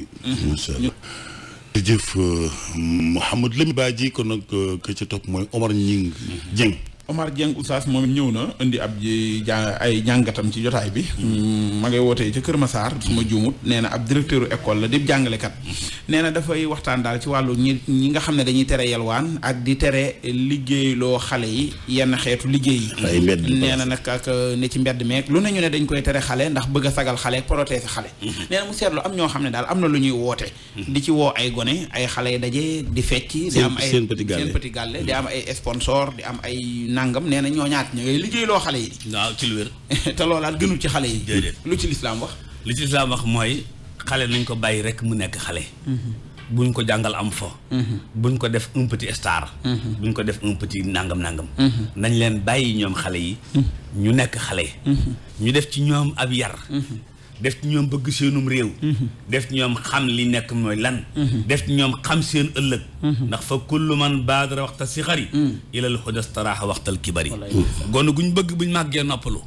jërëjëf euh, Mouhamadou Lamine ji kon nag euh, ka ca topp mooy Omar Gningue Dieng Omar Dieng Oustaz moom ñëw na indi ab ji ay jàngatam ci jotaay bi. Mm, ma ngay wootee ca Kër Massar su ma jumut nee na ab directeur école la di jàngalekat. nee na dafay waxtaan daal ci wàllu ñi ñi nga xam ne dañuy tere yalwaan ak di tere loo xale yi yenn xeetu liggéey yi. nee na nag ak ne ci mbedd meek lu ne ñu ne dañ koy tere xale ndax bëgg sagal xale protéger xale. Mm-hmm. nee na mu seetlu am ñoo xam ne daal am na lu ñuy woote. Mm-hmm. di ci woo ay gone ay xale daje di fecc. am ay seen petit galle di am ay sponsor di am ay. nangam nee na ñoo ñaat ña ngay liggéey loo xale yi. waaw ci lu wér. te loolaat gënul ci xale yi. lu ci lislaam wax. lu ci lislaam wax mooy xale nañ ko bàyyi rek mu nekk xale. Mhm. buñ ko jàngal am fa. Mhm. buñ ko def un petit star. Mhm. buñ ko def un petit nangam nangam. nañ leen bàyyi ñoom xale yi. ñu nekk xale. ñu def ci ñoom ab yar. def ci ñoom bëgg seenum réew mhm. def ci ñoom xam li nekk mooy lan mhm. def ci ñoom xam seen ëllëg mhm. ndax fa kullu man baadara waxta si xari ilal xudastaraaxa waxtal kibari gone ñu bëgg bu buñ màggee noppalu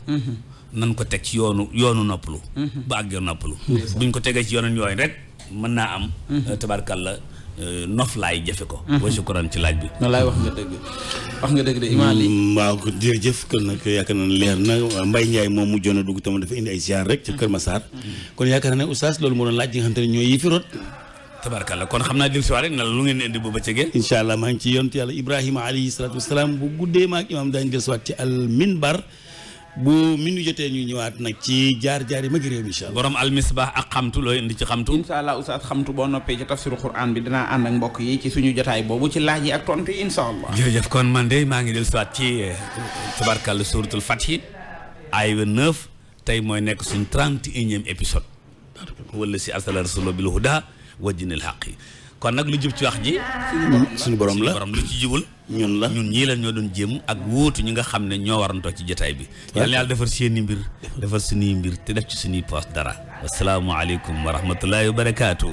nan ko teg ci yoonu yoonu noppalu bu àggee noppalu buñ ko tegee ci yoonu yooyu rek mën naa am euh, la Euh, noflaay jafe ko. wa mhm. shukran ci laaj bi. wallaay wax nga wax nga dëgg de imaam li. Mm, waaw jërëjëf kon nag yaakaar naa leer na moom mujjoon na dugg tamit dafa indi ay ziar rek ca mhm. kon yaakaar naa ne oustaz loolu moo doon laaj yi nga xam te ne ñooy yi fi rot. tabarkalla kon xam naa dil si waat rek na lu ngeen indi bu bëccëgee incha allah maa ngi ci yonent yàlla Ibrahima alayhi salaatu wasalaam bu guddee maak imaam daañu dellusiwaat ci al bu min nu jotee ñu ñëwaat nag ci jaar jaar yi magi réew mi incha allah borom almisbah ak xamtu looy indi ci xamtu incha allah oustaz xamtu boo noppee ci tafsiru quran bi dinaa ànd ak mbokk yi ci suñu jotaay boobu ci laaj yi ak tontu yi incha allah jërëjëf kon man de maa ngi del soit ci fat yi ay aaya neuf tey mooy nekk suñ trente et unième épisode wala si asala rasula bil huda wajjinil yi kon nag lu jub ci wax ji. suñu borom la suñu lu ci jubul. ñun la ñun ñii la ñoo doon jéem ak wóotu ñi nga xam ne ñoo warantoo ci jataay bi. yàlla yàlla defar seeni mbir. defar suñuy mbir te def ci suñuy poos dara. asalaamaaleykum wa rahmatullaahi wa barakaatu.